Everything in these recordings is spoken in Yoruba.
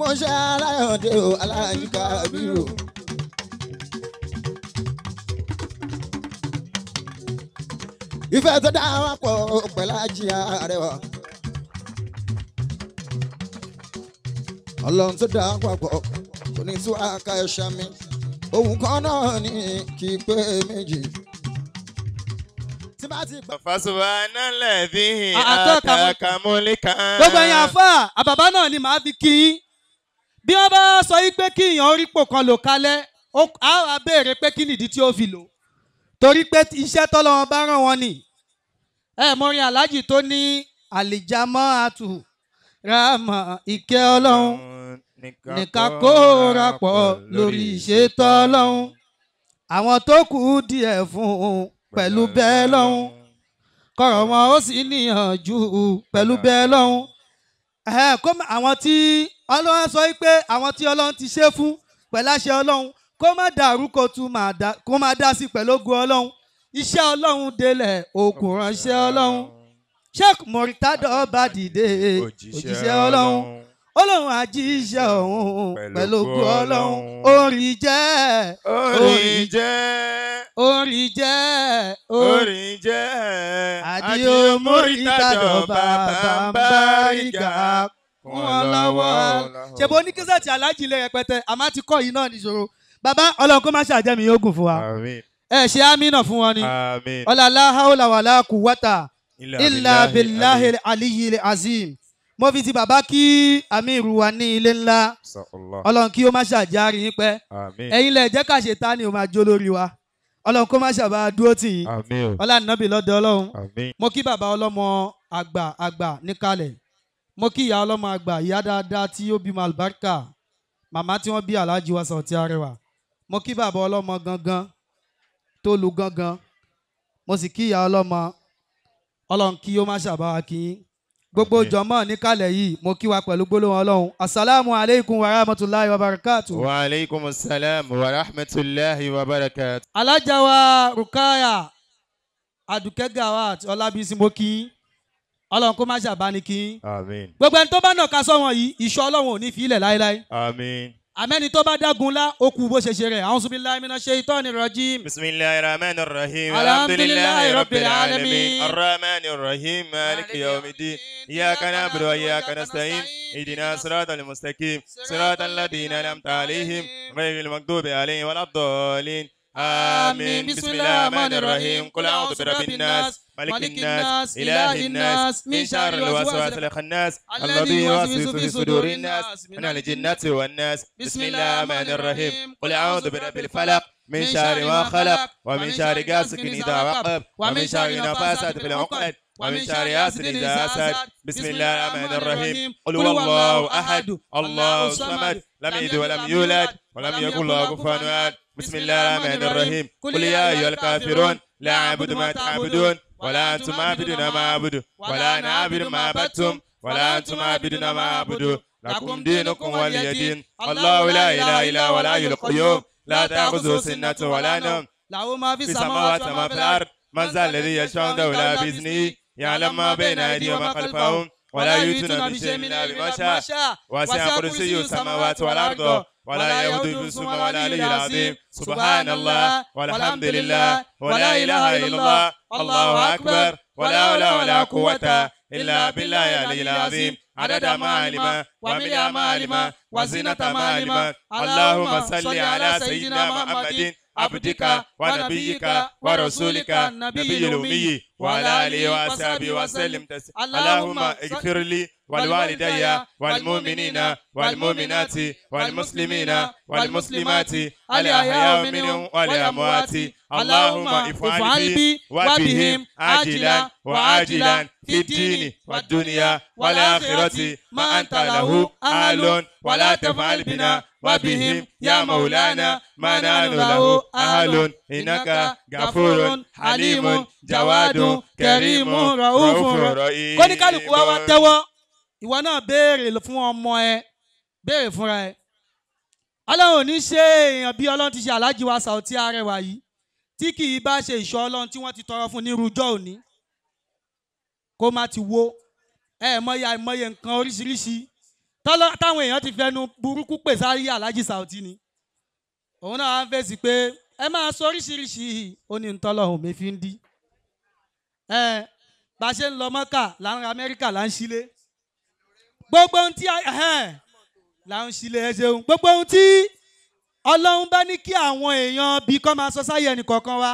mọ́ṣẹ́ aláyọ̀dé o aláyíká bírò. ìfẹ́ tó dá wa pọ̀ pẹ̀lú àjíyá Arẹwà. ọlọ́run tó dá wa pọ̀ kò ní tú àká ẹ̀ṣẹ̀ mi ohun kan náà ní kí pé méjì láti lẹ́bí àtàkàmúlìkà. Gbogbo ẹ̀yin àfà àbàbá náà ni màá fi kí yín bí wọ́n bá sọ yí pé kí èèyàn rí pò kan lò kalẹ̀ á wá pé kí nìdí tí ó fi lò torí pé iṣẹ́ tọ́lọ́wọ́n bá ràn wọ́n ni ẹ mọrin aláàjì tó ní àlìjámọ́ àtù ráàmà ìkẹ́ ọlọ́run nìkan kó rapọ̀ lórí ìṣètọ́ ọlọ́run àwọn tó kù díẹ̀ fún un pẹ̀lú bẹ́ẹ̀ lọ́hùn kọ̀rọ̀ wọn ó sì níyànjú pẹ̀lú bẹ́ẹ̀ lọ́hùn kó àwọn tí ọlọ́run sọ pé àwọn tí ọlọ́run ti ṣe fún pẹ̀lú àṣẹ ọlọ́run kó má dàrú kó tún kó má dá sí pẹ̀lú ogun ọlọ́run iṣẹ́ ọlọ́run délẹ̀ òkun ránṣẹ́ ọlọ́run sheikh murtado bá òjíṣẹ́ ọlọ́run. Ọlọ́run àjíṣẹ́ òun pẹ̀lú ògùn Ọlọ́run orí jẹ́ orí jẹ́ orí jẹ́ orí jẹ́ àdìo mórítàdọ̀ bàbá ń bá ìgà fún ọlọ́wọ́. ṣèbó ní kí sẹ́ẹ̀tì aláàjì ilé rẹpẹtẹ àmọ́ ti kọ́ yìí náà níṣòro bàbá Ọlọ́run kó má ṣàjẹmí yóò gùn fún wa ẹ ṣe amínà fún wọn ni ọlọ́lá haúlà wàlá kùwátà ìlà bíláhìl àlíyìl azim mo fi ti bàbá kí amiru wa ní ilé ńlá ọlọ́run kí ó má ṣàjárí yín pẹ́ ẹ̀yin lẹ jẹ́ ká Ṣẹ̀tánì ó máa jó lórí wa ọlọ́run kó má ṣàbá dúró tì yín ọlá nàbì lọ́dọ̀ mo kí bàbá ọlọ́mọ àgbà àgbà níkàlẹ̀ mo kí ìyá ọlọ́mọ àgbà ìyá dáadáa tí ó bímọ àlùbáríkà màmá tí wọ́n bí aláàjì wa Saoty Arewa mo kí bàbá ọlọ́mọ gangan tó lu gangan mo sì kí ìyá ọlọ́mọ ọlọ́run kí ó má ṣàbá wa kí yín gbogbo jọmọ níkàlẹ̀ yìí mo kí wa pẹ̀lú gbólóhùn ọlọ́run asalaamu aleykum wa rahmatulahi wa barakatu. wa aleykum salaam wa rahmatulahi wa barakatu. alájà rukaya adùkẹ́ gawat ọlábísí mo kí ọlọ́run kó má ṣàbánikí. gbogbo ẹni tó bá nà ká sọ wọn yìí ìṣọ́ ọlọ́run ò ní fi ilẹ̀ láéláé àmẹ́ni tó bá dágun lá ó kú bó ṣe ṣe rẹ̀ àwọn sunbílá iná ṣe itọ́ ni rọ́jìm. bisimilayi rahman rahim alhamdulilayi rabbil alamin rahman rahim maliki yawmidi iyaka na abudu wa iyaka na sayin idina sirata al-mustaqim sirata al-ladina lamta alihim ghayri al-magdubi alayhi wal-adhalin. آمين بسم الله الرحمن الرحيم قل أعوذ برب الناس ملك الناس إله الناس من شر الوسواس الخناس الذي يوسوس في صدور الناس من الجنة والناس بسم الله الرحمن الرحيم قل أعوذ برب الفلق من شر ما خلق ومن شر غاسق إذا وقب ومن شر نفاسات في العقد ومن شر ياسر إذا أسد بسم الله الرحمن الرحيم قل هو الله أحد الله الصمد لم يلد ولم يولد ولم يكن له كفوا أحد بسم الله الرحمن الرحيم قل يا أيها الكافرون لا أعبد ما تعبدون ولا أنتم عابدون ما أعبد ولا أنا عابد ما عبدتم ولا أنتم عابدون ما أعبد لكم دينكم ولي دين الله لا إله إلا هو الحي القيوم لا تأخذه سنة ولا نوم له ما في السماوات وما في الأرض من ذا الذي يشاء دولا بإذنه يعلم ما بين أيديهم وما خلفهم ولا يؤتون بشيء من بما شاء وسع كرسيه السماوات والأرض ولا يؤد باسم ولا عليه العظيم سبحان الله والحمد لله ولا إله إلا الله الله أكبر ولا ولا ولا قوة إلا بالله العلي العظيم عدد ما علم وملء ما علم وزنة ما علم اللهم صل على سيدنا محمد عبدك ونبيك ورسولك نبي الأمي وعلى آله وأصحابه وسلم اللهم اغفر لي والوالدي والمؤمنين والمؤمنات والمسلمين والمسلمات الأحياء منهم والأموات اللهم افعل بي وبهم عاجلا وعاجلا في الدين والدنيا والآخرة ما أنت له أهل ولا تفعل بنا وبهم يا مولانا ما نحن له أهل إنك غفور حليم جواد كريم رؤوف رحيم ìwọ náà béèrè fún ọmọ ẹ béèrè fúnra ẹ ọlọ́run ò ní ṣe èèyàn bí ọlọ́run ti ṣe aláàjì wa Saoty Arẹwà yìí tí kì í bá ṣe ìṣọ́ ọlọ́run tí wọ́n ti tọrọ fún nírújọ́ òní kó má ti wo ẹ mọye àìmọye nǹkan oríṣiríṣi táwọn èèyàn ti fẹnu burúkú pè sáré aláàjì Saoty ni òun náà á ń fèsì pé ẹ máa sọ oríṣiríṣi ó ní ntọ́lọ́hùn mi fi ń dí ẹ bá ṣe ń lọ mọ́kà là amẹ́ríkà là ń ṣílé gbogbo ohun tí là ń ṣílẹ̀ ẹ ṣeun gbogbo ohun tí ọlọ́run bá ní kí àwọn èèyàn bí kọ́ máa sọ sáyé ẹnì kọ̀ọ̀kan wa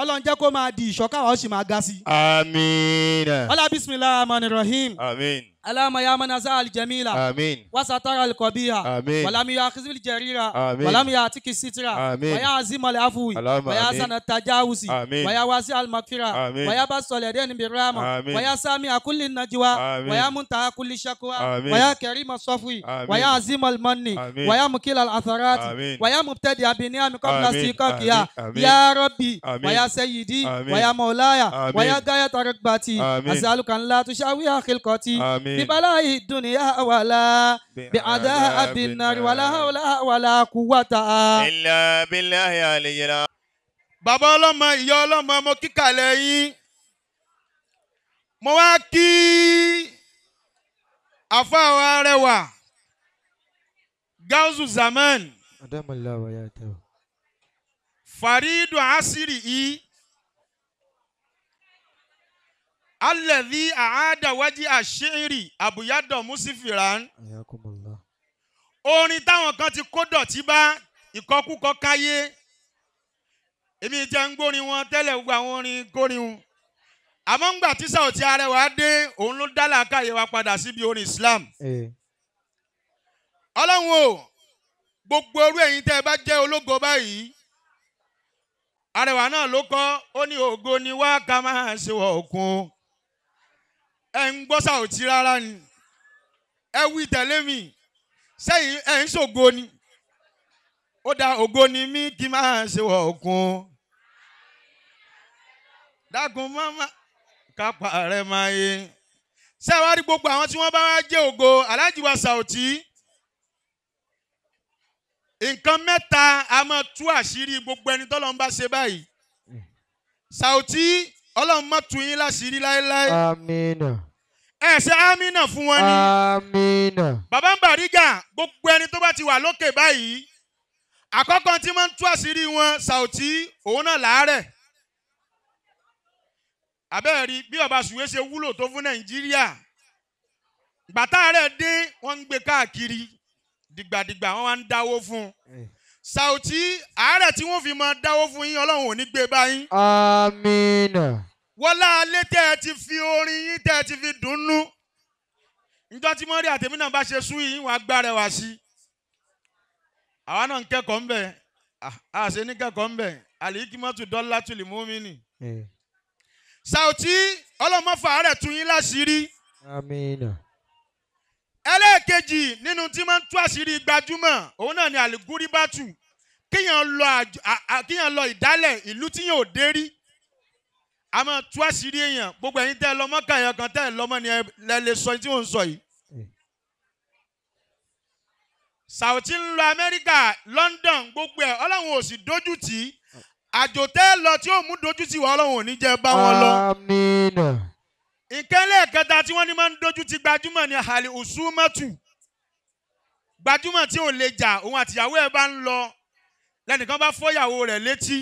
ọlọ́run jẹ́ kó máa di ìṣọ́ká wa ó sì máa ga sí. àmín. ọlá bisimilahi rahman rahim. àmín. اللهم يا من أزال الجميلة آمين وستر القبيحة آمين ولم يأخذ بالجريرة آمين ولم يأتك السترة آمين ويا عزيم العفو ويا سن التجاوز آمين ويا واسع المغفرة آمين ويا بس اليدين بالرحمة آمين ويا سامع كل النجوى آمين ويا منتهى كل شكوى آمين ويا كريم الصفو ويا عزيم المن آمين ويا مكيل الأثرات آمين ويا مبتدئ بنعم قبل استيقاظها يا ربي آمين ويا سيدي آمين ويا مولاي آمين ويا غاية ركبتي أسألك أن لا تشاوي خلقتي آمين ببلاء الدنيا ولا بعذاب النار ولا حول ولا قوة إلا بالله يا ليلا bàbá ọlọ́mọ ìyá ọlọ́mọ mo kíkàlẹ̀ yín mo wá kí àfáàwọ̀ arẹwà gáúsù zaman faridu asiri yìí. alẹ́dí àádáwájí àṣírí àbúyádọ̀ mùsífìràn. orin táwọn kan ti kó dọ̀tí bá ìkọkúkọ káyé èmi jẹ́ ń gbórin wọn tẹ́lẹ̀ gbogbo àwọn orin kórìhun àmọ́ ń gbà tí Saoti Arẹwà dé òun ló dá làákàyè wa padà síbi orin Islam. ọlọ́run o gbogbo orú ẹ̀yin tẹ́ ẹ bá jẹ́ ológo báyìí Arẹwà náà ló kọ́ ó ní ògo ni wá ká máa ṣe wọ̀ ọ̀kun ẹ̀ ń gbọ́ sàòtí rárá ni ẹ wí tẹ̀lé mi sẹ́yìn ẹ̀ ń ṣògo ni ó da ògo ni mí kí máa ṣe wọ̀ ọ̀kun dákun mọ́mọ́ kápá rẹ̀ máa yé sẹ́wárí gbogbo àwọn tí wọ́n bá wá jẹ́ ògo Alhaji wa Saoti nǹkan mẹ́ta a máa tú àṣírí gbogbo ẹni tọ́lọ́ ń bá ṣe báyìí Saoti ọlọ́run má tú yín láṣìírí láéláé. amina. ẹ ṣe amina fún wọn ni. amina. bàbá ń bàrígà gbogbo ẹni tó bá ti wà lókè báyìí àkọ́kọ́ tí wọ́n ń tú àṣírí wọn ṣàòtí òun náà làárẹ̀. àbẹ́ẹ̀rí bí ọba sùwé ṣe wúlò tó fún nàìjíríà gbàtà rẹ̀ dé wọ́n ń gbé káàkiri dìgbàdìgbà wọ́n wá ń dáwó fún un. Eh ṣàùtí àárẹ̀ tí wọ́n fi máa dáwó fún yín ọlọ́run ò ní gbé báyìí. àmín. wọlá alẹ́ tẹ́ ẹ ti fi orin yín tẹ́ ẹ ti fi dùnnú njọ́ tí mọ́rí àtẹ̀mí náà bá ṣe sún yìí wọ́n agbára wá sí i àwa náà ń kẹ́kọ̀ọ́ ńbẹ̀ a ṣe ní kẹ́kọ̀ọ́ ńbẹ̀ àlìkímọ́tù dọ́là tùlì mọ́mìnì. ṣàùtí eh. ọlọ́mọ fàárẹ̀ tún yín láṣìírí. àmín ẹlẹ́ẹ̀kejì nínú tí máa ń tú àṣírí gbajúmọ̀ òun náà ni àlùgúríbàtù kíyàn lọ ìdálẹ̀ ìlú tí yàn ò dé rí a máa tú àṣírí èèyàn gbogbo ẹ̀yin tẹ́ ẹ lọ́mọ kàyàn kan tẹ́ ẹ lọ́mọ ni ẹ lè sọ tí mò ń sọ yìí. sàwùtí ń lọ amẹ́ríkà london gbogbo ẹ̀ ọlọ́run ò sì dojú tì í àjò tẹ́ ẹ lọ tí ó mú dojú tì wá ọlọ́run ò ní jẹ́ bá wọn lọ nǹkan lẹ́ẹ̀kẹta tí wọ́n ní máa ń dojú ti gbajúmọ̀ ni àhàlì òsúmọ́tù gbajúmọ̀ tí ò lè jà òun àtìyàwó ẹ̀ bá ń lọ lẹ́nìkan bá fọ́yàwó rẹ̀ létí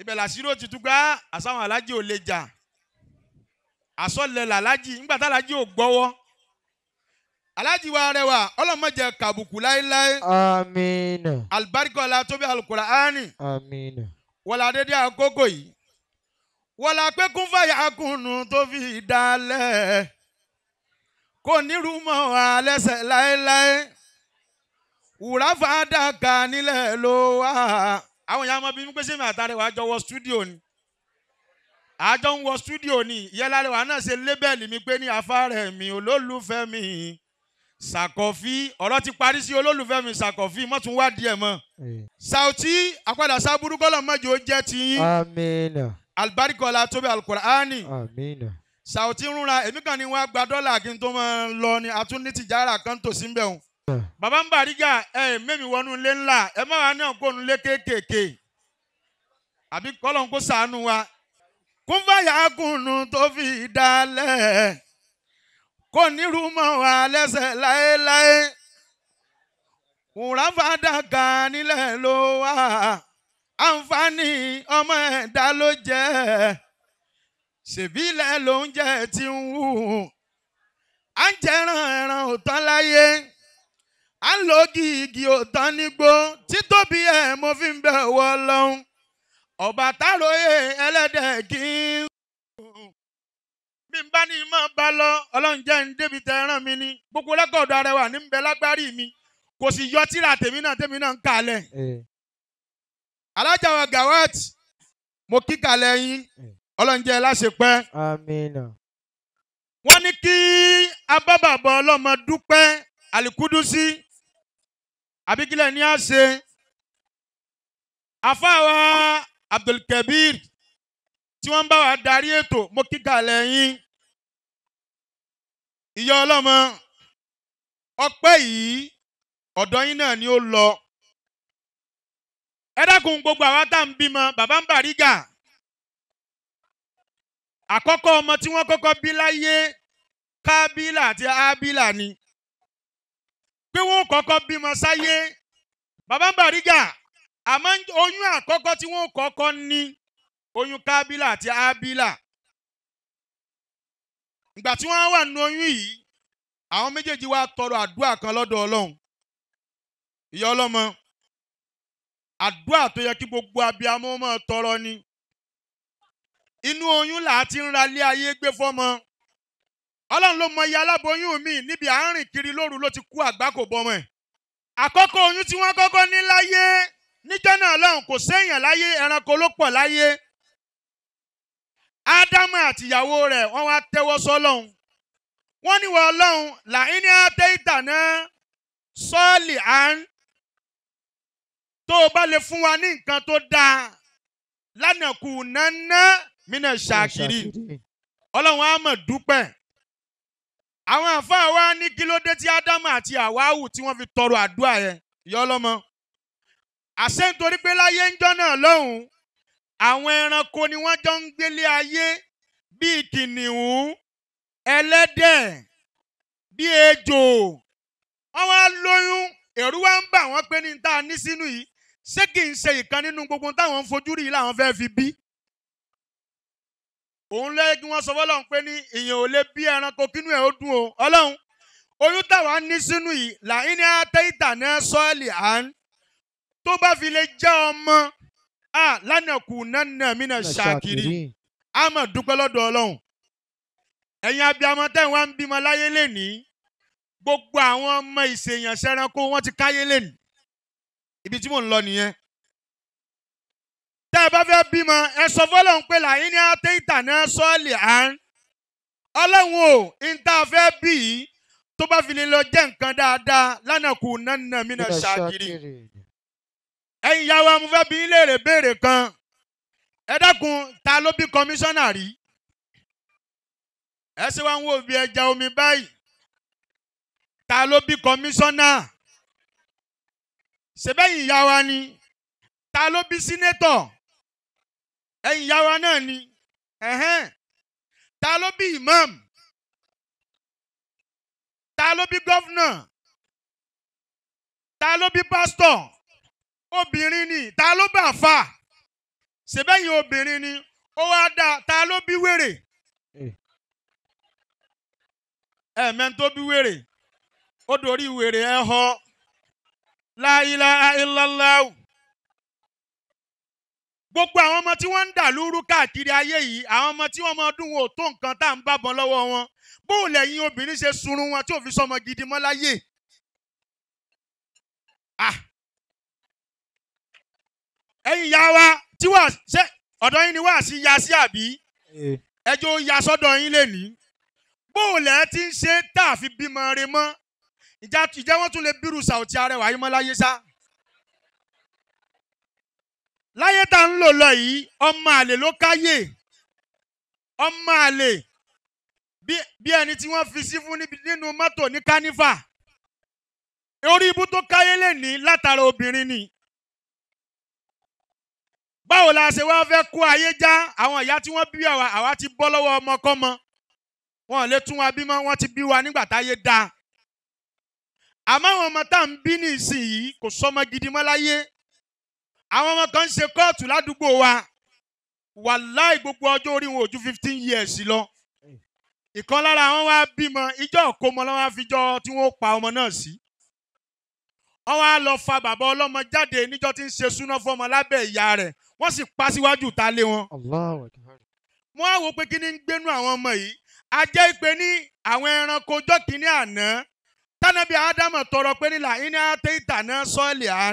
ibẹ̀ làṣírò tuntun gbá àsáwọn alájí ò lè jà àsọ̀lẹ̀ làlájí nígbà tá alájí ò gbọ́wọ́ alájí wa rẹwà ọlọ́mọdé kàbùkù láéláé àmín alibarika ọlá tóbi alukura áánì àmín wọlé adédè àkókò yìí wọ́lá pé kún fàyà kùnú tó fi dalẹ̀ kò nírú mọ́ wa lẹ́sẹ̀ láéláé wùrà fàdákà nílẹ̀ ló wà. àwọn ìyá ọmọ bíi pé sèmi àtàrẹ wàá jọ wọ stúdíò ni àjọ ń wọ stúdíò ni ìyẹ́lárẹ̀wá náà ṣe lébẹ̀lì mi pé ní afárẹ̀ mi olólùfẹ́ mi ṣàkọ́fí ọ̀rọ̀ ti parí sí olólùfẹ́ mi ṣàkọ́fí mọ́ tún wá díẹ̀ mọ́. Sauty àpadà sábúrú kọ́lọ̀ mọ́jọ́ jẹ́ tiyín. àmín. alibarika ọlá tóbi alukur'ani. amiina. Saoty ń rúnra èmi kan ni wọ́n á gba dọ́là kí n tó máa lọ ni a tún ní tìjára kan tó sí ń bẹ̀ bàbá ń bàrígà ẹ mẹ́mi wọnú ilé ńlá ẹ má wàá náà kó nu ilé kéékèèké àbí kọ́lọ́n kó sàánú wa. kúnfàyà kùnú tó fi dalẹ̀ kò nírú mọ́ wa lẹ́sẹ̀ láéláé nílẹ̀ ló wà. àǹfààní ọmọ ẹ̀dá ló jẹ́ ṣèbílẹ̀ lóúnjẹ tí ń wù à ń jẹran ẹran òtán láyé à ń lo gígì òtán nígbó títóbi ẹ̀ mo fi ń bẹ̀ wọ́ lọ́hún ọ̀bà táróyè ẹlẹ́dẹ̀ kì í bí n bá ní mọ́ bá lọ ọlọ́run jẹ́ ń débi tẹ ẹran mi ni gbogbo lẹ́kọ̀ọ́dọ̀ arẹwà ní bẹ́ẹ̀ bẹ lágbárí mi kò sì yọ tíra tèmi náà tèmi náà ń kalẹ̀. Eh. alájà wa Gawat mo kí kalẹ̀ yín ọlọ́njẹ́ láṣepẹ́. àmín. wọ́n ní kí abábàbọ̀ ọlọ́mọ dúpẹ́ alikudusi abigilẹ̀ ní àṣẹ afáwa Abdulkabir tí wọ́n ń bá wa darí ètò mo kí kalẹ̀ yín ìyá ọlọ́mọ ọpẹ́ yìí ọ̀dọ̀ yín náà ni ó lọ ẹ dákun gbogbo àwa tá à ń bímọ bàbá ń Bariga àkọ́kọ́ ọmọ tí wọ́n kọ́kọ́ bí láyé Kábílà àti Ábílà ni pé wọ́n kọ́kọ́ bímọ sáyé bàbá ń Bariga àmọ́ oyún àkọ́kọ́ tí wọ́n kọ́kọ́ ní oyún Kábílà àti Ábílà ìgbà tí wọ́n wà nínú oyún yìí àwọn méjèèjì wá tọrọ àdúrà kan lọ́dọ̀ Ọlọ́run ìyá ọlọ́mọ àdúrà tó yẹ kí gbogbo abiyamọ máa tọrọ ni inú oyún là á ti ń ra ilé ayé gbé fọmọ ọlọ́run ló mọ iye aláboyún mi níbi àárín kiri lóru ló ti kú àgbákò bọ́mọ ẹ̀ àkọ́kọ́ oyún tí wọ́n kọ́kọ́ ní láyé níjọ́ náà lọ́hùn kò séèyàn láyé ẹranko ló pọ̀ láyé ádámù àtìyàwó rẹ̀ wọ́n wá tẹ́wọ́ sọ́lọ́hún wọ́n ní wọ́n ọlọ́hun làyín ní àtẹ́yìntà à ń tó o bá lè fún wa ní nǹkan tó dáa lánàá kù nánà mínà ṣàkiri ọlọ́run á mọ̀ dúpẹ́ àwọn àfáà wa ní kí ló dé tí ádámù àti àwáwù tí wọ́n fi tọrọ àdúrà yẹn ìyá ọlọ́mọ àṣẹ nítorí pé láyé ń jọ́ lọ́hùn àwọn ẹranko ni wọ́n jọ ń gbélé ayé bíi kìnìún ẹlẹ́dẹ̀ bíi ejò wọ́n wá lóyún ẹ̀rù wá ń bà wọ́n pé ní ta ní sínú yìí ṣé kì í ṣe ìkan nínú gbogbo táwọn ń fojú rí làwọn fẹ́ fi bí. òun lẹ́yìn kí wọ́n sọ fọ́lọ́run pé ní ìyẹn ò lè bí ẹranko kínú ẹ̀ ó dùn o ọlọ́run oyún táwa ní sínú yìí làyín ní àtẹ́yìntà ní sọ́ọ̀lì à ń tó bá fi lè jẹ́ ọmọ à lánàá kù nánà mí náà ṣàkiri a máa dúpẹ́ lọ́dọ̀ ọlọ́run ẹ̀yin abiyamọ tẹ́ wá ń bímọ láyé lẹ́nìí gbogbo àwọn ọmọ ìṣèyàn ṣẹranko ti káyé lẹ́nìí ibi tí mò ń lọ nìyẹn. tẹ́ ẹ bá fẹ́ bímọ ẹ sọ fọlọ́n pé làyín ní àtẹ́yìntà náà sọ́ọ̀lì à ń. ọlọ́run ò ń tá a fẹ́ bí yìí tó bá fi lè lọ jẹ́ nǹkan dáadáa lánàá kù nánà mí ṣáàkiri. ẹ̀yin ìyá wa mo fẹ́ bí léèrè béèrè kan. ẹ dákun ta ló bí kọmíṣánná rí? ẹ ṣe wá ń wò bí ẹja omi báyìí. ta ló bí kọmíṣánná? ṣèbẹ́yìn ìyá wa ni ta ló bí sínétọ̀ ẹ̀yìn ìyá wa náà ni ẹ̀hẹ́n ta ló bí imam ta ló bí gọ́fúnà ta ló bí pásítọ̀ obìnrin ni ta ló bá fà ṣèbẹ́yìn obìnrin ni ó wá dá ta ló bí wèrè eh. ẹ̀mẹ́ bí wèrè ó dorí wèrè ẹ̀ họ. La ilaha illallah gbogbo àwọn ọmọ tí wọ́n ń dà lúrú káàkiri ayé yìí àwọn ọmọ tí wọ́n mọ ọdún wọn ò tó nǹkan tá à ń bábọn lọ́wọ́ wọn bóun lẹ́yìn obìnrin ṣe sunrun wọn tí ò fi sọmọ gidi mọ́ láyè. Ah! ẹ̀yin ìyá wa tí wàá ṣe ọ̀dọ̀ yín ni wàá sí ya sí àbí eh. ẹjọ́ ya sọ́dọ̀ yín lè bóun lẹ́ẹ̀ ti ń ṣe tá a fi bímọ rẹ mọ́ ìjà ìjẹ́ wọ́n tún lè bírù sàùtì arẹwà yìí mọ́ láyé sá. láyé tá ń lò lọ yìí ọmọ àlè ló káyè ọmọ àlè bí ẹni tí wọ́n fi sí fún nínú mọ́tò ní kánífà orí ibú tó káyé lè ní látara obìnrin ni. báwo la ṣe wá fẹ́ kó ayé já àwọn ìyá tí wọ́n bí àwa àwa ti bọ́ lọ́wọ́ ọmọkọ́mọ wọn ò lè tún wa bímọ wọ́n ti bí wa nígbà táyé dáa àmọ́ àwọn ọmọ tá à ń bí ní ìsinyìí kò sọmọ gidi mọ́ láyé àwọn ọmọ kan ń ṣe kóòtù ládùúgbò wa wàláì gbogbo ọjọ́ orí wọn ò ju fifteen years lọ ìkan lára wọn wá bímọ ìjọ òkómọ lọ́wọ́ àfijọ́ tí wọ́n pa ọmọ náà sí wọ́n wá lọ fa bàbá ọlọ́mọ jáde níjọ́ tí ń ṣe súná fọmọ lábẹ́ ìyá rẹ̀ wọ́n sì pa síwájú ta lé wọn. wọ́n á wò pé kí ni ń gbénú àwọn ọmọ yìí a jẹ́ ìpè ní àwọn ẹranko ọjọ́ kìíní àná tánàbí ádámù tọrọ pé nílà iná téńtà náà sọ́ọ̀lì á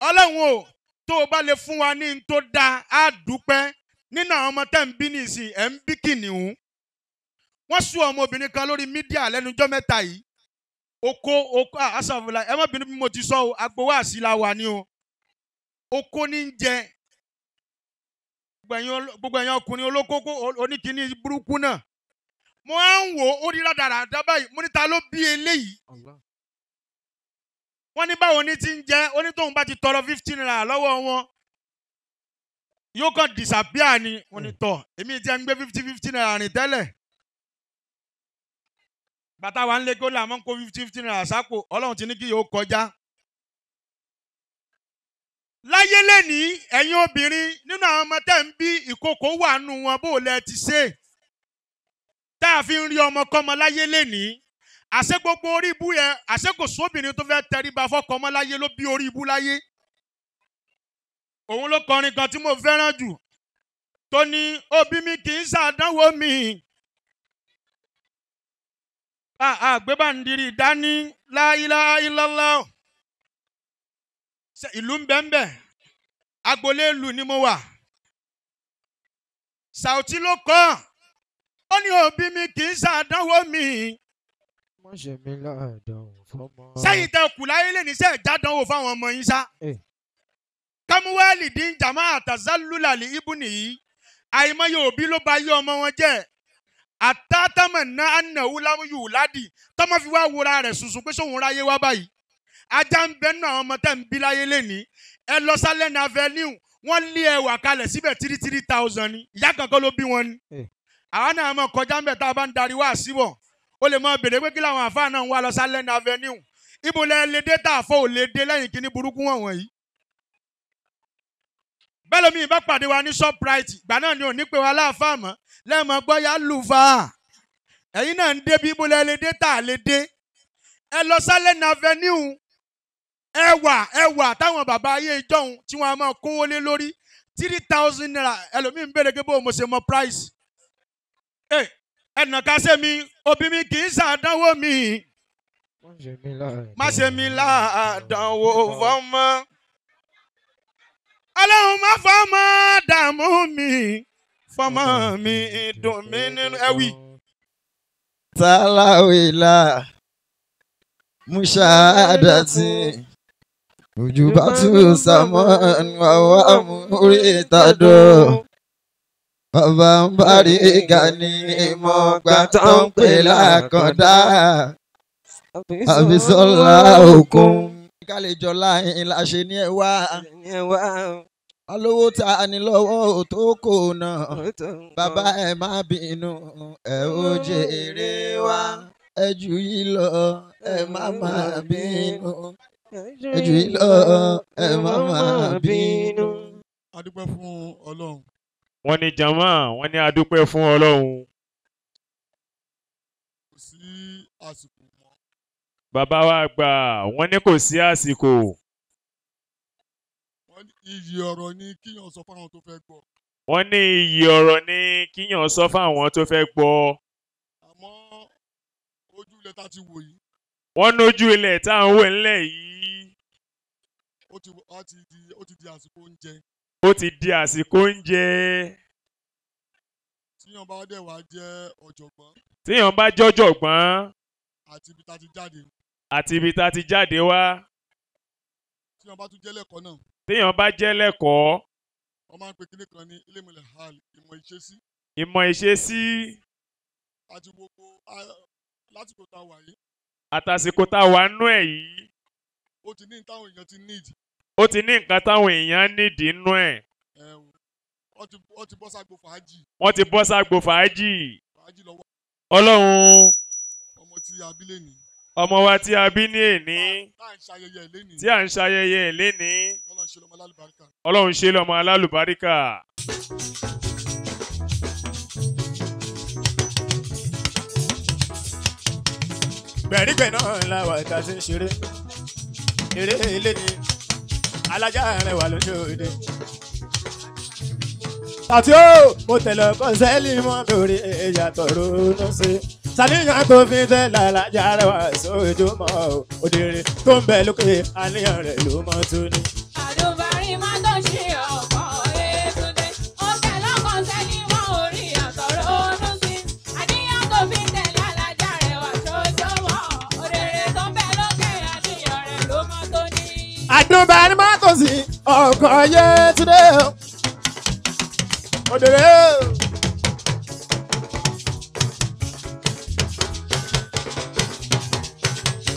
ọlọ́run o tó o bá lè fún wa ní n tó dáa á dúpẹ́ nínú àwọn ọmọ tẹ́ ń bí nìsín ẹ̀ ń bí kìnìún wọ́n sún ọmọbìnrin kan lórí mídíà lẹ́nujọ́ mẹ́ta yìí oko oko asàfùlà bí mo ti o agbowó ni mo á ń wò ó rí rádaràda báyìí mo ní báwo ni ti ń jẹ́ onítòhún bá ti tọrọ fifteen naira lọ́wọ́ wọn yóò kàn disappear ni wọ́n ní tọ̀ èmi ti naira rìn tẹ́lẹ̀ bàtà wa ń lé naira sápò ọlọ́run ti ní kí yóò kọjá. láyé lẹ́nìí ẹ̀yin obìnrin nínú àwọn ọmọ tẹ́ ń bí ìkókó wà ti ṣe tá a fi ń rí ọmọkọ́mọ láyé lénìí àṣẹ gbogbo orí ibú yẹn àṣẹ kò sóbìnrin tó fẹ́ tẹríba fọkọmọ láyé ló bí orí ibú láyé òun ló kọrin kan tí mo fẹ́ràn jù tó ní òbí mi kì í ṣàdánwò mi àgbébàndìrì dání láìláìlọ́lá ìlú ń bẹ́ẹ̀ bẹ́ẹ̀ ìlú ni mo wà Sàòtí ló kọ́ ó ní òbí mi kì í ṣàdánwò mi. wọ́n ṣe mí ládàáwò fọ́mọ. sẹ́yìn tẹ kù láyé lè ní sẹ́ẹ̀ jádánwò fáwọn ọmọ yín sá. Eh. kámúwẹ́ẹ̀lì dín jàmá àtàzálùlàlì ibù nìyí àìmọye òbí ló ba yé ọmọ wọn jẹ́ àtàtàmọ̀ náà ànàwó lámúyù ládì tọ́mọ fi wá wúra rẹ̀ sùsù pé sóhun ráyé wá báyìí ajá ń bẹnu àwọn ọmọ tẹ́ ń bí láyé lẹ́nìí ẹ lọ sálẹ̀ ní avenue wọ́n lé ẹwà kalẹ̀ síbẹ̀ tírí thousand ni ìyá kankan ló bí wọn ni. Eh àwa náà mọ̀ kọjá ń bẹ̀ tá a bá ń darí wá síbọ̀ ó lè mọ bèrè pé kí làwọn àfáà náà ń wá lọ sálẹ́ndà avenue ibo lẹ lè dé tá a fọ́ ò lè dé lẹ́yìn kíní burúkú wọ̀n yìí. bẹ́ẹ̀ lómi ìbá pàdé wa ní Shoprite ìgbà náà ni ò ní pè wá láàfáà mọ́ lẹ́ẹ̀mọ́ gbọ́ yá lùfà ẹ̀yin náà ń débi ibo lẹ lè dé tá a lè dé ẹ lọ sálẹ́ndà avenue ẹ wà ẹ wà táwọn bàbá ayé ìjọ́hun tí wọ́n á máa kówó lé lórí three thousand naira ẹlòmíín bèrè pé bó o mo ṣe mọ price ẹnà ká ṣe mi òbí mi kì í ṣàdánwò mi má ṣe mi láàdánwò fọmọ ọlọ́run má fọmọ dààmú mi fọmọ mi dùn mí nínú ẹwì. tàlàwìlà muṣáàdàtì ojú bá tún sàmọ́ ẹnu àwa múrí Bàbá ń bárí gani mọ́ gbà tó ń pè lákọ̀dá. Àbísọ́lá òkun. Kálíjọ láyìn la ṣe ní ẹ̀wá. Alówó ta ni lọ́wọ́ tó kò náà. Bàbá ẹ̀ má bínú ẹ̀ ó jèrè wá. Ẹ jù yí lọ ẹ má má bínú. Ẹ jù yí lọ ẹ má má bínú. A fún Ọlọ́run wọ́n ní jama wọ́n ní adúpẹ́ fún ọlọ́run. kò sí àsìkò mọ́. bàbá wa gbà wọ́n ní kò sí àsìkò. wọ́n ní iyì ọ̀rọ̀ ni kíyàn sọ fáwọn tó fẹ́ gbọ́. wọ́n ní iyì ọ̀rọ̀ ni kíyàn sọ fáwọn tó fẹ́ gbọ́. àmọ́ ojú ilẹ̀ tá ti wò yìí. wọ́n nójú ilẹ̀ tá à ń wò ńlẹ̀ yìí. ó ti di àsìkò oúnjẹ ó ti di àsìkò oúnjẹ. tíyàn bá dẹ̀ wá jẹ́ ọ̀jọ̀gbọ́n. tíyàn bá jẹ́ ọ̀jọ̀gbọ́n. àti ibi tá a ti jáde. àti ibi tá a ti jáde wá. tíyàn bá tún jẹ́ lẹ́kọ̀ọ́ náà. tíyàn bá jẹ́ lẹ́kọ̀ọ́. wọ́n máa ń pe kíní kan ní ilémọ̀lẹ̀ hal ìmọ̀ ìṣesí. ìmọ̀ ìṣesí. àti gbogbo lásìkò tá a wà yìí. àtàsìkò tá a wà nú ẹ̀ yìí. ó ti ní táwọn èèyàn ti need ó ti ní nǹkan táwọn èèyàn nídìí nú ẹ̀. wọ́n ti bọ́ ságbo fàájì. wọ́n ti bọ́ ságbo fàájì. fàájì lọ́wọ́. ọlọ́run. ọmọ tí a bí lénìí. ọmọ wa tí a bí ní èní. tí à ń ṣayẹyẹ ẹ̀ lénìí. ọlọ́run ṣe lọ́mọ alálùbáríkà. ọlọ́run ṣe lọ́mọ alálùbáríkà. gbẹ̀rígbẹ̀ náà ti ń ṣeré eré ilé ni alájà rẹ̀ wà lójoojú. àti ó mo tẹ̀lé kọ́nsẹ́lì mọ́ lórí ìyàtọ̀ ronú sí i sàníyàn tó fi tẹ́ làlájà rẹ̀ wà sójúmọ́ òdìrí tó ń bẹ lókè àníyàn rẹ̀ ló mọ́ tún ní. àdùbárí má tó ṣe ọ̀pọ̀ ètùtù ó tẹ̀lé kọ́nsẹ́lì orí ìyàtọ̀ ronú sí àníyàn tó fi tẹ́ làlájà rẹ̀ wà sójúmọ́ òdìrí tó ń bẹ lókè àníyàn rẹ̀ ló mọ́ tún ní. àdùbárí kò sí ọkọ̀ ayé túnde òdèrè.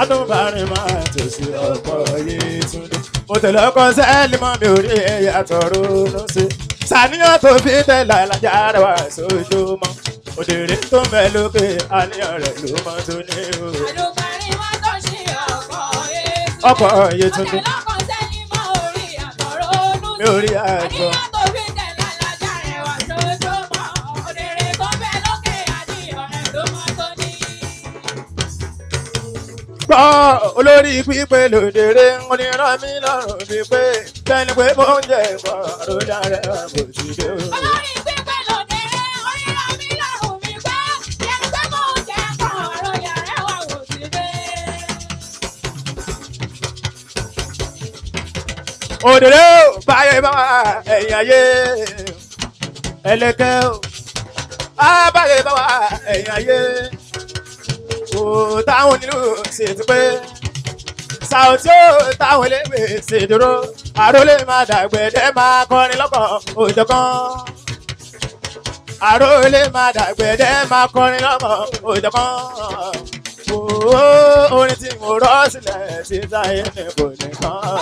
adúbárin máa tòsí ọkọ̀ ayé túnde mo tẹ̀lé ọkọ̀ sẹ́ẹ̀lì mọ́ mi ò rí ẹ̀yà tọ̀rọ̀ lọ́sẹ̀ sàníyàn tó fi tẹ̀lé alájà rẹ̀ wá sójúmọ́ òdèrè tó mẹ́ lókè àníyàn rẹ̀ ló mọ́ tó ní o. adúbárin máa tòsí ọkọ̀ ayé túnde. ọkọ̀ ayé túnde lórí àgbọ̀. gbọ́ olórí pípé lòdèrè wọn ni rán mi lọ́rùn pípé tẹ́ni pé mo ń jẹ ìbọn àròjà rẹ̀ kò sí dé o. òdèrè ò báyọ̀ bá wà ẹ̀yìn ayé ẹlẹ́kẹ́ ò báyọ̀ bá wà ẹ̀yìn ayé ò táwọn onílù sì ti pé sàòtí ò táwọn eléwé sì dúró àrólé máa dàgbẹ̀dẹ́ máa kọrin lọ́kàn òjọ̀kan àrólé máa dàgbẹ̀dẹ́ máa kọrin lọ́kàn òjọ̀kan orin tí mo rọ́ sílẹ̀ ti sáyé ní kò nìkan.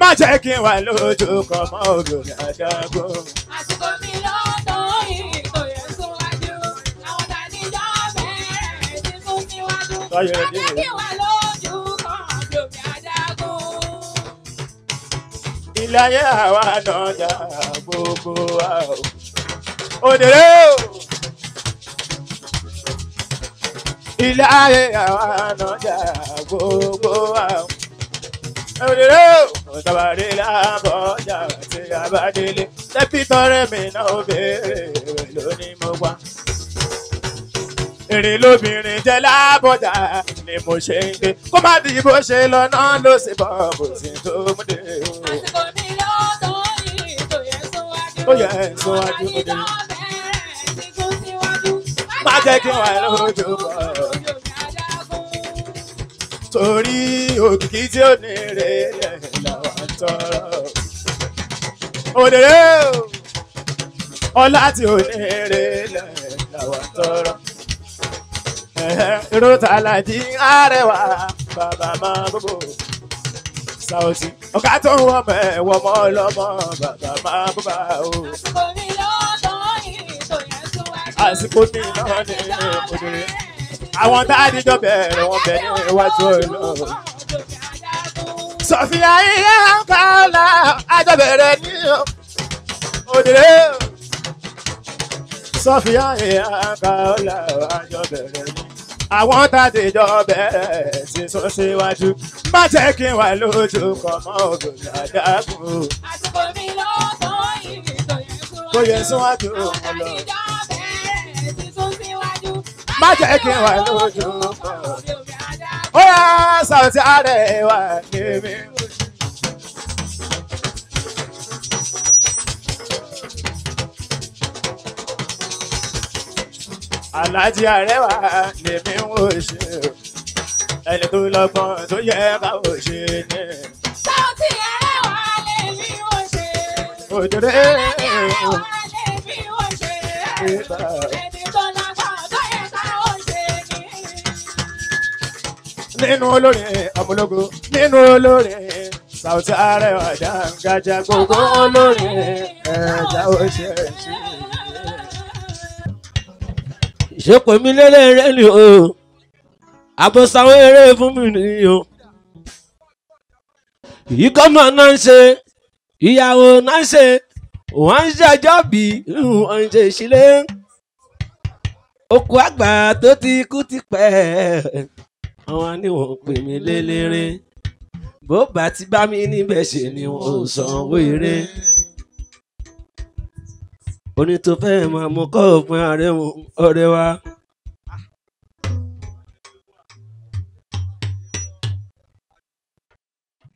má jẹ́ kí n wà lójú kan mọ́ ògùn àdágbò. àsìkò mi lọ́dọ̀ yìí kò yẹ kó wájú àwọn tàníjọ́ bẹ̀rẹ̀ tí kò síwájú má jẹ́ kí n wà lójú kan ògùn àdágbò. ilé ayé àwa náà dá gbogbo wa o. òdèrè o. ilé ayé àwa náà gbogbo wa o. òdèrè o tabari láàbọ̀ ọjà tí a bá mi náà béèrè rẹ̀ lónìí mo wá. Èrè lóbìnrin jẹ́ lábọ́jà ni mo ṣe ń gbé kó má di bó ṣe lọ́nà ló sì bọ̀ bó ti tó mú Àsìkò mi lọ́tọ̀ yìí kò yẹ síwájú. Ó dé. Má jẹ́ kí wà lójú bọ̀ torí òkìkí tí ó ní rèé tọrọ òdèrè ọlá tí òdèrè làwọn tọrọ èrò tàlàjì àrẹwà bàbá máa gbogbo Saoty ọ̀gá tó ń wọ́n mẹ́wọ́ mọ́ ọlọ́mọ bàbá máa bàbá o. àsìkò ní náà ní òdèrè àwọn tá a níjọ bẹ̀rẹ̀ wọn bẹ̀ ní iwájú ọ̀nà sọfíà ilé kọ́lá àjọbẹ̀rẹ̀ ní òdìrẹ́ sọfíà ilé kọ́lá àjọbẹ̀rẹ̀ ní. àwọn tàdé jọ bẹ̀rẹ̀ sí sún síwájú má jẹ́ kí n wà lójú kọ́ mọ́ ògùn àdágún. àsìkò mi lọ́sàn-án yìí nìkan kò yẹ síwájú ọmọ lọ. má jẹ́ kí n wà lójú kọ́ mọ́ ògùn àdágún. Oya yá Saoty Arewa lèmi. Alaji Arewa lèmi ń wò ṣe ẹni tó lọ́gbọ́n tó yẹ ká wò ṣe ni. Saoty Arewa lèmi wò ṣe. Òjòrè. Saoty Arewa lèmi wò ṣe. nínú olórin ọmọlógo eh, nínú olórin eh, Saoty Arewa Dàǹgájà gbogbo olórin eh, ẹ̀dá oṣù ẹ̀ṣin. ìṣèpè mi lélẹ̀ rẹ̀ ni o àbọ̀sáwọ́ eré fún mi ni o. ìkọ́mọ̀ náà ń ṣe ìyàwó náà ń ṣe wọ́n ń ṣàjọ́ bí wọ́n ń ṣe ìṣílẹ̀. okùn àgbà tó ti kú ti pẹ́ wọn ní wọn pè mí lélẹ́rẹ́ bó bá ti bá mi níbẹ̀ ṣe ni wọn ò sanwó eré oní tó fẹ́ máa mú kọ́ òpin ààrẹ ọ̀rẹ́ wa.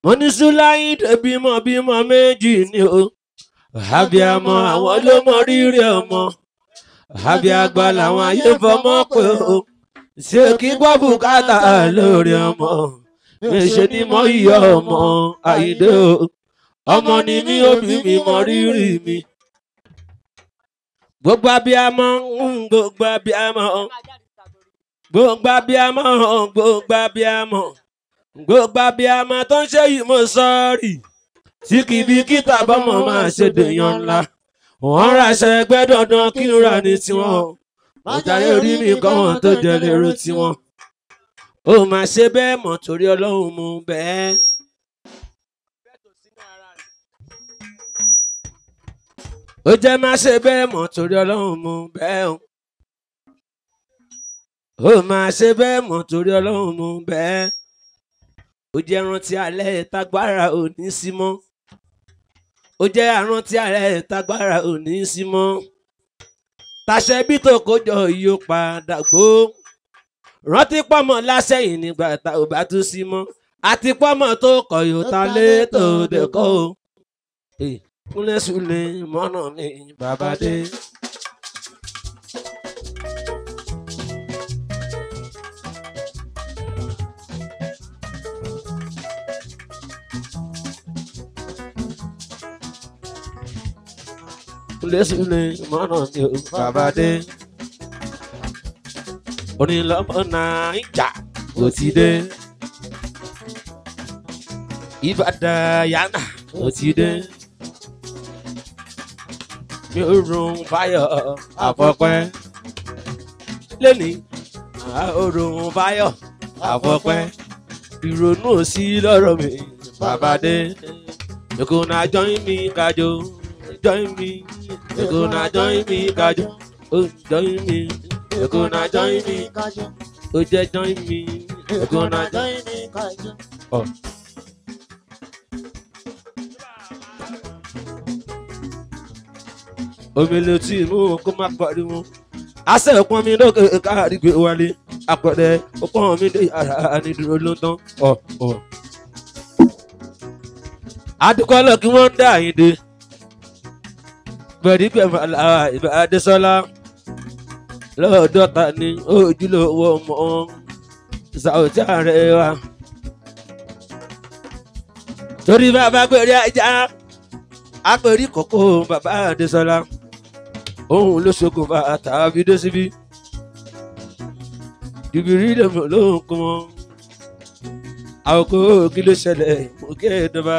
mo ní sùláì bímọ bímọ méjì ni o àbíamọ àwọn ló mọ rírì ọmọ àbí àgbà làwọn ayé fọmọ pé o ṣé kí gbọ́ bùkátà lórí ọmọ méṣe ni mo yọ ọmọ àyídé o ọmọ ni mí òbí mi mọ rírì mi. gbogbo abiyamọ mm, gbogbo abiyamọ gbogbo abiyamọ gbogbo abiyamọ gbogbo abiyamọ tó ń ṣe yìí mo sọrí tí kìbìkítà bọ́mọ máa ṣe dèèyàn ńlá wọ́n ràṣẹ ẹgbẹ́ dandan kí n ra ní tiwọn ọ̀tàrí orí mi kọ́ wọn tó jẹ lérò tiwọn. ó máa ṣe bẹ́ẹ̀ mọ̀ torí ọlọ́run mú bẹ́ẹ̀. ó jẹ́ má ṣe bẹ́ẹ̀ mọ̀ torí ọlọ́run mú bẹ́ẹ̀ o. ó máa ṣe bẹ́ẹ̀ mọ̀ torí ọlọ́run mú bẹ́ẹ̀. ó jẹ́ rántí alẹ́ tágbára ò ní sí mọ́. ó jẹ́ àrántí alẹ́ tágbára ò ní sí mọ́ tàṣẹ bí tó kójọ yóò padà gbó rántí pọ́mọ lásẹ̀yìn nígbà tá ò bá tú sí mọ́ àti pọ́mọ tó kọ̀ yóò ta lé tó dẹ̀kọ́ o. Kúnlẹ̀ Sùlẹ̀ mọ́nà mi bàbá dé. súlẹ̀súlẹ̀ mọ́nà ni ò bàbá dé. onílọ́mọ nàìjà ò ti dé. ìbàdàyànà ò ti dé. mi ò rùn fáyọ̀ àfọ̀pẹ́. lẹ́ni àòrùn fáyọ̀ àfọ̀pẹ́. ìrònú ò sí lọ́rọ̀ mi bàbá dé. You gonna join me, Kajo, join me. You gonna join me, Gaju. Oh, join me. You gonna join me, Gaju. Oh, just join me. You gonna join me, Gaju. Oh. Omi ló tí mú kó má pariwo. Aṣẹ́ òpọn mi lókè káàdì gbé wálé. Àpẹẹrẹ òpọn mi dé ara ní dúró ló ń tán. Adúgbò lọ kí wọ́n ń dá àyíndé gbẹ̀dígbẹ̀mọ̀ Adésọ́lá lọ́ọ̀dọ́ta ní ojúlówó ọmọ Saoty Arewa torí bàbá gbèrè ajá agbèrè kòkó bàbá Adésọ́lá òun ló ṣokùnfà tàbí dó síbí dìbìrì lòun kún mọ́ àwòkọ́ kí ló ṣẹlẹ̀ mọ́ kí ẹ̀ dọ́ba.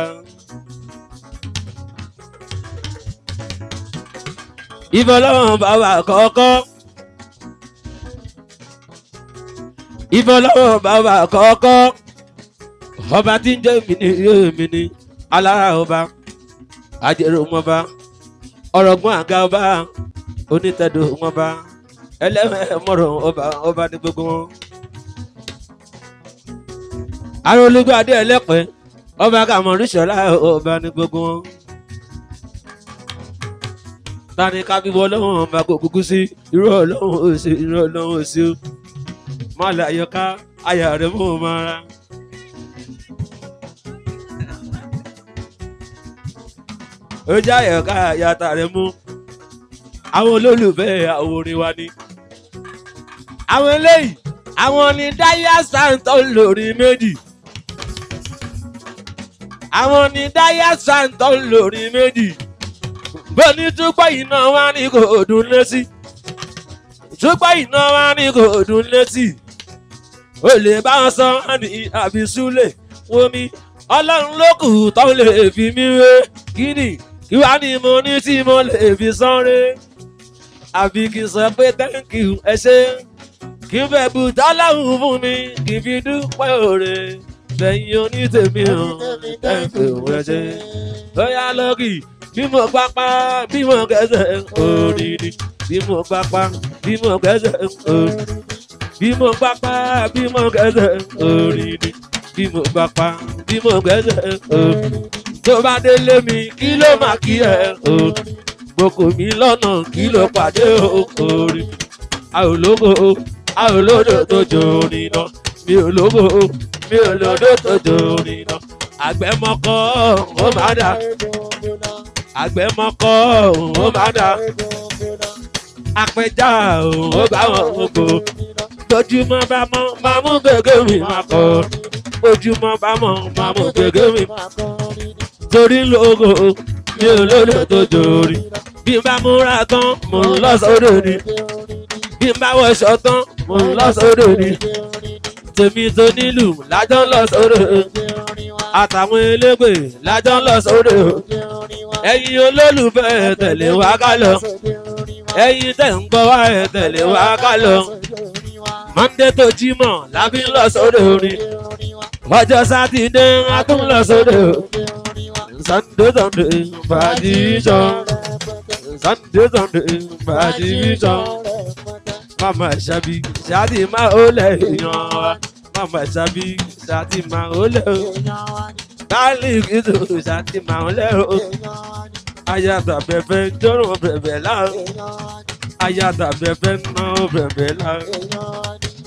ìfọlọ́wọ́n bá wà kọ́kọ́. ìfọlọ́wọ́n bá wà kọ́kọ́. ọba tí ń jẹ́ mi ni èmi ni alára ọba ajẹ́rò ọmọba ọ̀rọ̀gbọ́n àga ọba onítẹ̀dù ọmọba ẹlẹ́wẹ̀ẹ́ mọ̀rọ̀ ọba ọba ní gbogbo wọn. arólógbó adé ẹlẹ́pẹ́ ọba kàmọ́rìṣọ́lá ọba ní gbogbo wọn tani ká bímọ ọlọ́run ọba kò kúkú sí irú ọlọ́run ò sí irú ọlọ́run ò sí o má lè àyọká àyà rẹ mú un máa ra. ó jẹ́ àyọká àyàtà rẹ mú àwọn olólùfẹ́ àwọn wa ni. àwọn eléyìí àwọn ni dáyà santo lórí méjì. àwọn ni dáyà santo lórí méjì bóní túpọ̀ iná wá ní kò dùn létí túpọ̀ iná wá ní kò dùn létí o lè bá wọn sọ ní àbí súlẹ̀ wọmi ọlọ́run ló kù tó lè fi mí wé kí ni kí wàá ní mo ní tí mo lè fi sanre àbí kì í sọ pé thank you ẹ ṣé kí n fẹ́ bu dọ́làhùn fún mi kì í fi dúpẹ́ òre lẹ́yìn onítèmi hàn thank you ẹ ṣé bóyá lọ́kì bí mo gbapá bí mo kẹsẹ̀ òrìrì bí mo gbapá bí mo kẹsẹ̀ òrìrì bí mo gbapá bí mo kẹsẹ̀ òrìrì bí mo gbapá bí mo tó bá délé mi kí ló máa kí ẹ òrìrì gboko mi lọ́nà kí ló pàdé òkòrì àòlógo àòlódò tó jòrìn náà mi ò lógo mi ò lódò tó jòrìn náà àgbẹ̀mọkọ́ ó má dà àgbẹ̀mọ́kọ́ òun ó máa dá apẹja òun ó bá wọn gbogbo lójúmọ́ bá mọ́ máa mú gègé mi máa kọ́ ojúmọ́ bá mọ́ máa mú gègé mi máa kọ́ torí lógo mi ò lórí tó jòrí bí n bá múra tán mò ń lọ sódò ni bí n bá wọṣọ tán mò ń lọ sódò ni tèmi tó nílùú lájọ́ ń lọ sódò àtàwọn elégbè lájọ́ ń lọ sódò ẹ̀yin olólùfẹ́ ẹ tẹ̀lé wa ká lọ ẹ̀yin tẹ̀ ń gbọ́ wá tẹ̀lé wa ká lọ mọ́ndé tó jímọ̀ la fi ń lọ sóde orin ọjọ́ sátidé a tún lọ sóde sànńdé sànńdé fàájì jọ sànńdé sànńdé fàájì jọ mama ṣàbí ṣáàtì máa ó lẹ̀ èèyàn mama ṣàbí ṣáàtì máa ó lẹ̀ èèyàn kálíkì tó ṣàti máa ń lẹ́rọ. Ayàtà bẹ̀bẹ̀ ń jọ́rùn bẹ̀bẹ̀ láàrú. Ayàtà bẹ̀bẹ̀ ń ná bẹ̀bẹ̀ láàrú.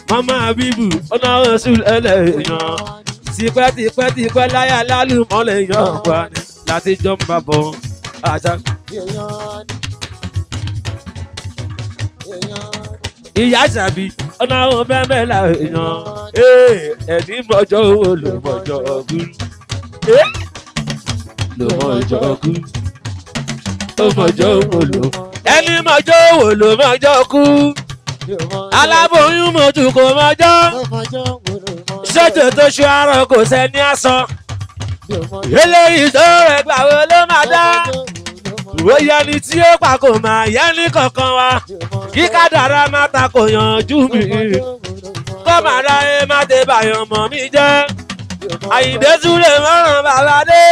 Mọ́mọ́ bíbù ọ̀nà oṣù ẹlẹ́yàn. Tipẹ́ tipẹ́ tipẹ́ láyà lálùmọ́lẹ̀ yàn wá ní láti jọ ń bá bọ̀ àṣà. Ìyá ṣàbí ọ̀nà ọ̀bẹ̀bẹ̀ láàyàn. Ẹ̀ẹ́dì mọ́jọ́ owó ló mọ́jọ́ ọ̀gbìn ló mọjọ́ kú ó mọjọ́ wò ló ẹni mọjọ́ wò ló mọjọ́ kú aláboyún mojú kò mọjọ́ ṣètò tó ṣe àárọ̀ kò sẹ́ni àsán eléyìí tó rẹ̀ gbà wo ló máa dá òye ẹni tí ó pa kò máa yẹ ní kankan wa kí kádàrá má ta kò yànjú mi kó màá ra ẹ má tẹ bàyàn mọ́ mi jẹ́ àyìndé túlẹ̀ mọ́ràn bàbá dé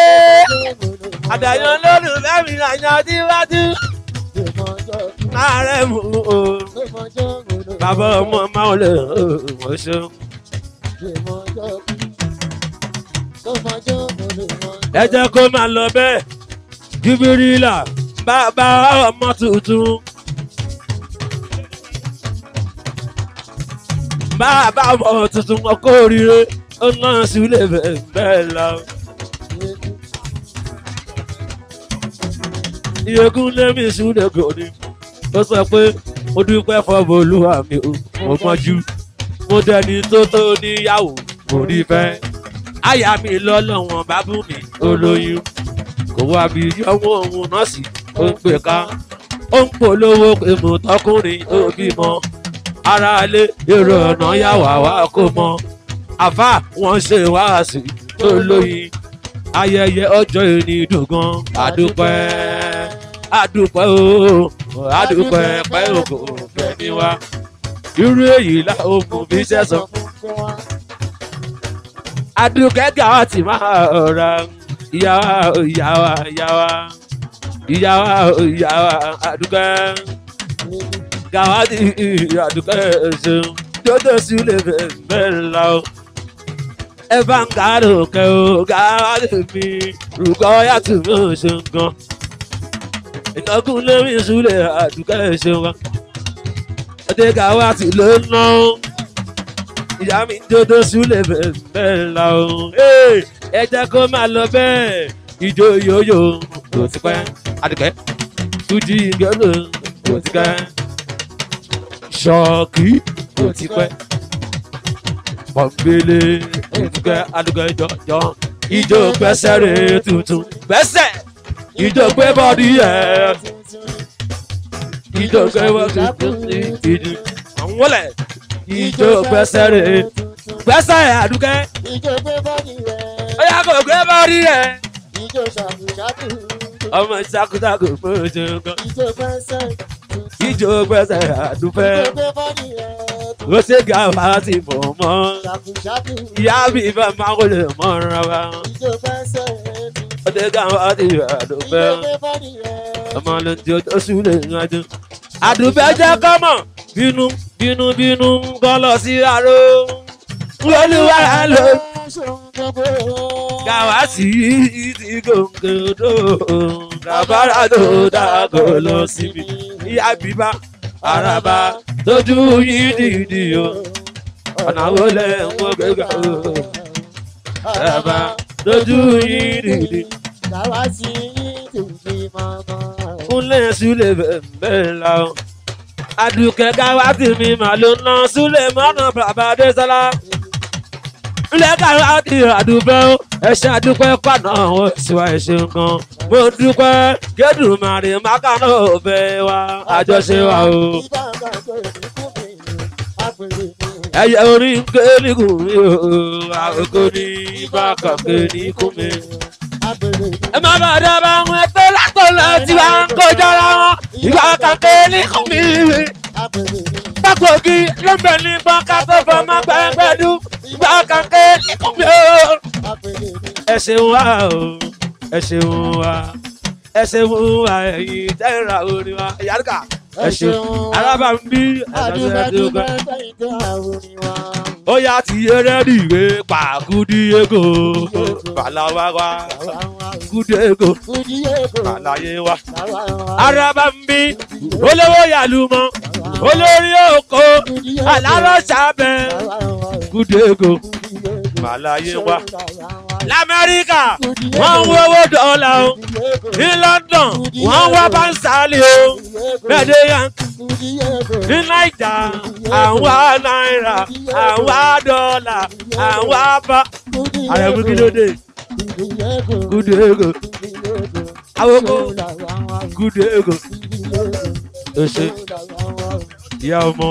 àdàyàn lọ́dún fẹ́mi àyàn díwájú ààrẹ mú o bàbá ọmọ máa lè mọ ṣe. ẹ jẹ́ kó máa lọ bẹ́ẹ̀ júbírìlà bàbá ọmọ tuntun. bàbá ọmọ tuntun ọkọ òrìrè ọ̀nà sílẹ̀ bella, la. ìyókùn lẹ́mí sílẹ̀ kò ní. ó sọ pé mo dúpẹ́ fọ́ọ̀mù olúwa mi o mo mọ́jú. mo dẹni tó tó níyàwó mo rí fẹ́. àyà mi lọ́lọ́wọ́n bá bú mi olóyún. kò wá bí yọ̀wọ́ òun nasi, ó ń pè ká. ó ń polówó pé mo tọkùnrin ó bímọ. ara ilé yero ọ̀nà yà wá wá kó mọ àfà wọn ṣe wáàsí tó lóyìn ayẹyẹ ọjọ́ ìní dùgán àdúpẹ́ àdúpẹ́ o àdúpẹ́ pẹ́ òkò òfẹ́ ní wa irú èyí láòkùn fi ṣẹ̀sán fún wa. àdúkẹ́ gàwá ti máa ọ̀ra ìyàwá ìyàwá ìyàwá ìyàwá ìyàwá àdúkẹ́ gàwá ti àdúkẹ́ ṣeun tó tó sílẹ̀ bẹ́ẹ̀ la o. Evangaro keo gawari mi Rugoya tu mo shungan Inagun lórí ìṣúlẹ̀ àdúgbò ìṣúra Ọdẹ gàwa ti ló ná o Ìyá mi ń dodo súlẹ̀ bẹ́ẹ̀ la o Ẹ jẹ́ kó máa lọ bẹ́ẹ̀ Ìjó yóyó kò ti pẹ́ Adùkẹ́ Tújí ìgbẹ́lò kò ti pẹ́ Ṣọ́ọ̀kì kò ti pẹ́ pọ̀npele òtúkẹ́ adúgẹ́ jọjọ. ìjó gbẹ́sẹ̀ rẹ̀ tuntun gbẹ́sẹ̀ ìjó gbé bọ́ọ̀dù yẹ. ìjó gbé bọ́ọ̀dù tuntun àwọn wọlé. ìjó gbẹ́sẹ̀ rẹ̀ gbẹ́sẹ̀ adúgẹ́. ìjó gbé bọ́ọ̀dù yẹ. ó yà kó gbé bọ́ọ̀dù yẹ. ìjó ṣàkùṣàkù. ọmọ ṣàkùṣàkù fún ojú kan. ìjó gbẹ́sẹ̀. ìjó gbẹ́sẹ̀ adúfẹ́. ìjó gbé bọ́ọ̀dù yẹ ó ṣe ga wá ti fò mọ́. ìyá mi bá máa ń wọlé mọ́ ra wa. ó ṣe ga wá ti fò àdùbẹ́. ọmọ ló ti ó sùn lè yanjú. àdùbẹ́ jẹ́ kọ́mọ̀ bínú bínú bínú kọ́ lọ sí aró. olúwa ló gàwá sí ti gòkè odò gàbárà tó dàgò lọ síbi. ìyá bíbá araba lójú yín dìdì o ọ̀nà wo lẹ̀ ń wọ́n gbégbá o bàbá lójú yín dìdì. bàbá sí tòbí màmá. kúnlẹ̀ sílẹ̀ bẹ́ẹ̀ la o àdùkẹ́ káwá tì mí màá ló ná sílẹ̀ mọ́nà bàbá dé sálá ilé kàrún àti àdúpẹ́ ó ẹṣẹ́ àdúpẹ́ pàdán àwọn ìṣúwà ẹṣẹ́ gan mo dúpẹ́ gẹ́dùn màrí mákànnà òbẹ̀ wa àjọṣe wa o. ẹyẹ orí ń ké nígùn mi o àkókò ní ibà ní ikú mi. ẹ má bàa dábàá àwọn ẹgbẹ́ látọ̀lá tí wàá ń kọjá ra wọn ní ikú mi. Pákòkì ló ní bọ́ká tó fọmọ́ pẹ́ẹ́pẹ́ dún ìgbà kankan ẹ̀kọ́ mi o ẹ ṣeun wa o ẹ ṣeun wa ẹ ṣeun wa ẹ̀yin tẹ́ra orin wa. ìyá ẹ ṣeun alábàárù bí àdúgbàdúgbà ìgbà àwòrán wa. ó yá ti eré rìwé pàkúdíégò bàláwáwá kúdíégò bàláyé wa. alábàárù bí olówó yàlùmọ̀ olórí òkò alárọ̀ṣà bẹ́ẹ̀ kúdíégò àbáláyé wa. lamẹ́ríkà wọ́n ń wówó dọ́là o ní London wọ́n ń wá bánsálì o bẹ́ẹ̀dẹ̀ yankun ní naija àwọn náírà àwọn dọ́là àwọn bá. àrẹ̀mú kí ló dé good awoko good ego ose ìyá ọmọ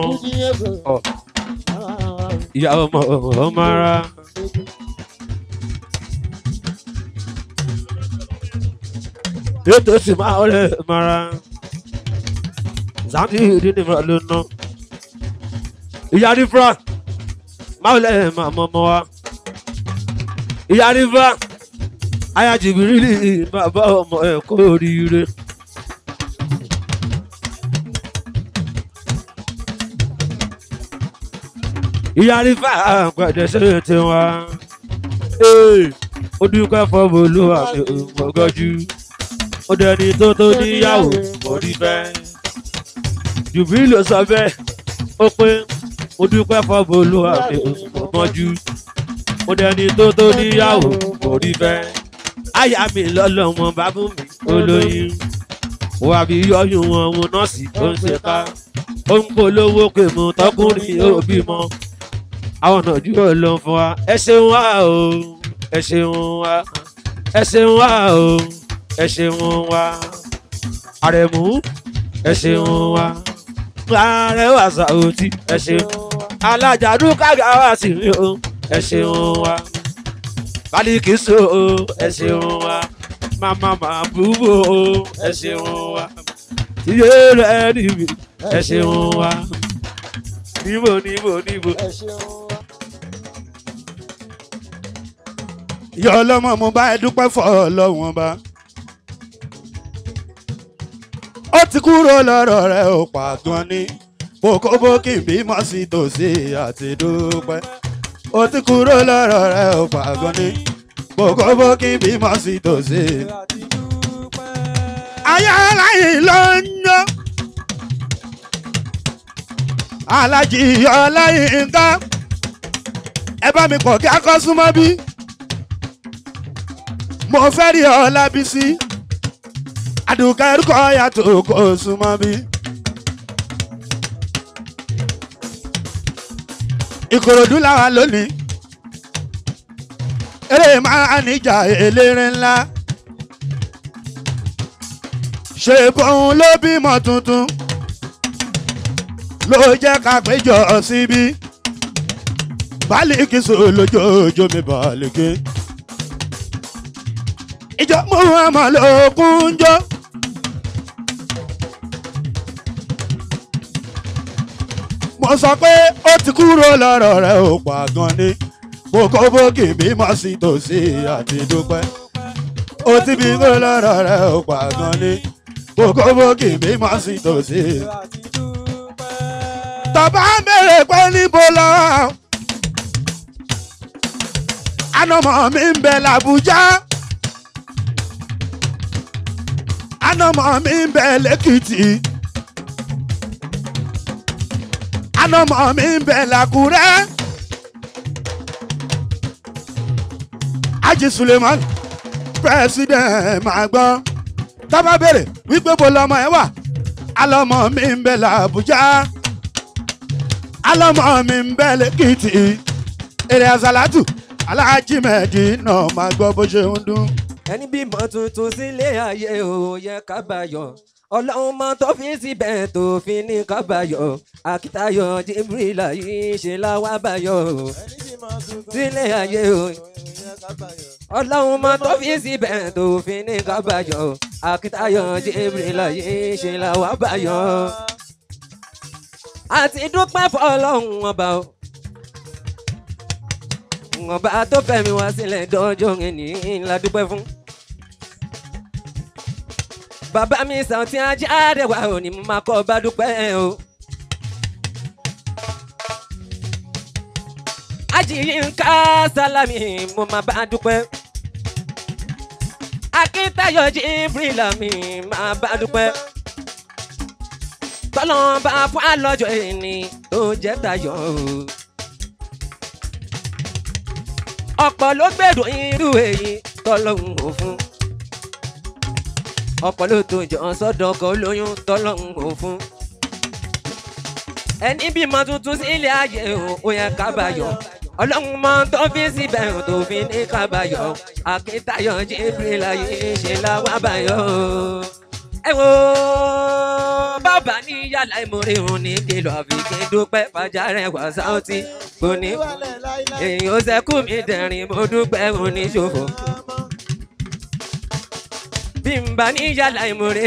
ọ ìyá ọmọ ọmọ ara. Eto si ma ole mara. Zandi di ni ma lo no. Ìyá Rivra. Ma ole ma mo mo wa. Ìyá Rivra. Aya jibiri ni bàbá ọmọ ẹ̀ kó oríire. Ìyá Rivra àgbàdo ṣe tiwa. Ó dúpẹ́ fọ́ bolúwa mi ò mọ̀gọ́jú ó dẹni tó tó níyàwó mo rí fẹ́. jùbí ló sọ bẹ́ẹ̀ ó pé mo dúpẹ́ fọ́bù olúwàbí mo mọ́jú mo dẹni tó tó níyàwó mo rí fẹ́. àyà mi lọ́lọ́mọ bábú mi olóyún wà bí yọyún wọn òun nọ́ọ̀sì tó ń ṣe ká ó ń polówó pé mo tọkùnrin ó bímọ àwọn ọ̀nà ojú ò fún wa ẹ ṣeun wá o ẹ ṣeun wá ẹ ṣeun wá o ẹ ṣeun wa àrẹ̀mú ẹ ṣeun wa àrẹwà sàwùtì ẹ ṣeun alájàdú kágàwá sì rí o ẹ ṣeun wa bálíkì so o ẹ ṣeun wa màmá màbúbò o ẹ ṣeun wa iye rẹ níbi ẹ ṣeun wa níbo níbo níbo ẹ ṣeun wa. ìyá ọlọ́mọ mo bá ẹ dúpẹ́ fọ́ ọ lọ́wọ́n bá. àti kúrò lọ́rọ̀ rẹ̀ ò pàgbọ́n ní bókóbókì bímọ sí tòsí àti dúpẹ́ ó ti kúrò lọ́rọ̀ rẹ̀ ò pàgbọ́n ní bókóbókì bímọ sí tòsí àti dúpẹ́. ayé aláyè ló ń yọ alájì ọláyínká ẹ bá mi kọ̀ kí a kọ́ súnmọ́ bí mo fẹ́ rí ọ lábísí àdùkẹ́ rúkọ yàtọ̀ kò súnmọ́ bí. ìkòròdú làwà lónìí eré máa níjà eléré ńlá ṣe bóun ló bímọ tuntun ló jẹ́ ká péjọ síbí bálíkì sùn lójoojó mi bálíkì ìjọ mú àmàlẹ́ òkú jọ. wọ́n sọ pé ó ti kúrò lọ́rọ̀ rẹ̀ ó pa gan ni mo kọ́ bókì bímọ sí tòsí àti dúpẹ́ ó ti bí kúrò lọ́rọ̀ rẹ̀ ó pa gan ni mo kọ́ bókì sí tòsí àti dúpẹ́. tọ́ba mèrè pé níbo lọ anamọ mi ń bẹ làbújá anamọ mi ń bẹ lẹ́kìtì. anọmọ mi ń bẹ làkúrẹ́. Aji Suleiman president máa gbọ́ tábà béèrè wípé bo lọmọ ẹ wà alọmọ mi ń bẹ làbújá alọmọ mi ń bẹ lẹ́kìtì èrè àzàlátù aláàjì mẹ́ẹ̀dínà máa gbọ́ bó ṣe ń dún. ẹni tuntun sílé ayé o yẹ ká bá ọlọ́run mọ tó fi síbẹ̀ tó fi ní kábàyọ̀ akitayọ̀ jibrila yìí ṣe láwá báyọ̀ sílẹ̀ ayé o ọlọ́run tó fi síbẹ̀ tó fi ní kábàyọ̀ akitayọ̀ jibrila yìí ṣe láwá báyọ̀ àti dúpẹ́ fọlọ́run ọba o ọba tó fẹ̀mí wá sílẹ̀ dọ́jọ́ yẹn ní la dúpẹ́ fún bàbá mi Saoty Ajarewa ò ní máa kọ́ bá dúpẹ́ o. Ajiyinka Salami mo máa bá dúpẹ́. Akíntayọ̀ Jibrila mi máa bá dúpẹ́. Tọ́lọ́ba fún àlọ́jọ́ ẹni tó jẹ́ tayọ̀ o. Ọ̀pọ̀ ló gbèrò irú èyí tọ́lọ́hún ò fún ọkọ ló tó jọ sọdọkọ lóyún tọlọ́run ò fún. ẹni bímọ tuntun sílé ayé ó yẹ kábàyọ ọlọ́run máa ń tọ́ fi síbẹ̀ tó fi ní kábàyọ akíntayọ jíbìrì láyé ṣe láwá báyọ. ẹ wo bàbá ní yàrá ìmúre òun ní kìlọ̀ àfi kí dúpẹ́ fàjà rẹ̀ wá sáwọ́tì kò ní. èyí ó sẹ́kù mi dẹ̀rìn mo dúpẹ́ òun ní ṣòfò bí n bá ní yàrá ìmúre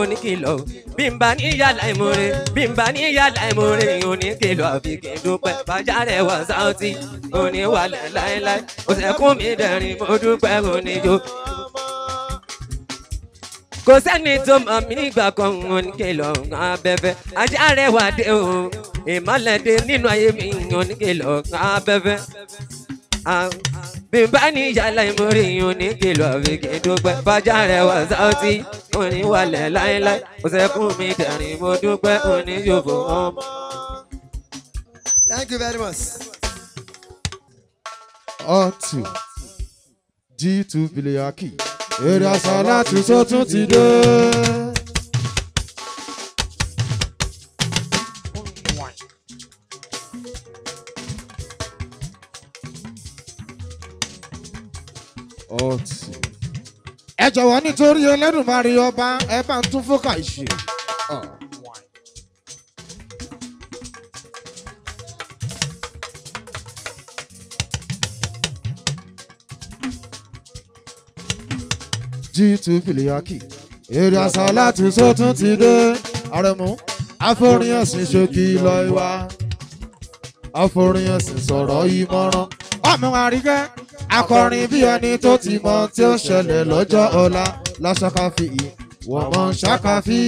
oníkìlọ̀ bí n bá ní yàrá ìmúre bí n bá ní yàrá ìmúre oníkìlọ̀ bí kì í dúpẹ́ bàjá rẹ̀ lai. sáùtì oníwàlẹ̀ láéláé òṣèkún mi dẹ̀rín mo dúpẹ́ oníjó kò sẹ́ni tó mọ̀ mí nígbà kan oníkèlò abẹ́fẹ́ ajá rẹ̀ wà dé o ìmọ̀lẹ́dẹ nínú ayé mi oníkèlò abẹ́fẹ́ bí n bá ní ìyàlẹ̀ ìmúrí yìí ní kìlọ̀ fi kì í dúpẹ́ fájà rẹ̀ wà sáùtì orin mo dúpẹ́ oní yòówó ọmọ. Thank you very much. ọtù g two biliaki èrè àṣà láti sọ́tún ti dé. ẹ jọ̀wọ́ nítorí Ẹlẹ́dùmarè ọba ẹ bá ń tún fọ́kà ìṣe. g two filiaki èrè àṣà láti sótún ti dé àrẹ̀mú àforin ẹ̀sìn ṣókí lọ ìwà àforin sọ̀rọ̀ ìmọ̀ràn ọmọ àríkẹ́ akọrin bí ẹni tó ti mọ tí ó ṣẹlẹ̀ lọ́jọ́ ọ̀la lọ́ṣọ́káfí wọ́n mọ̀ ṣákáfí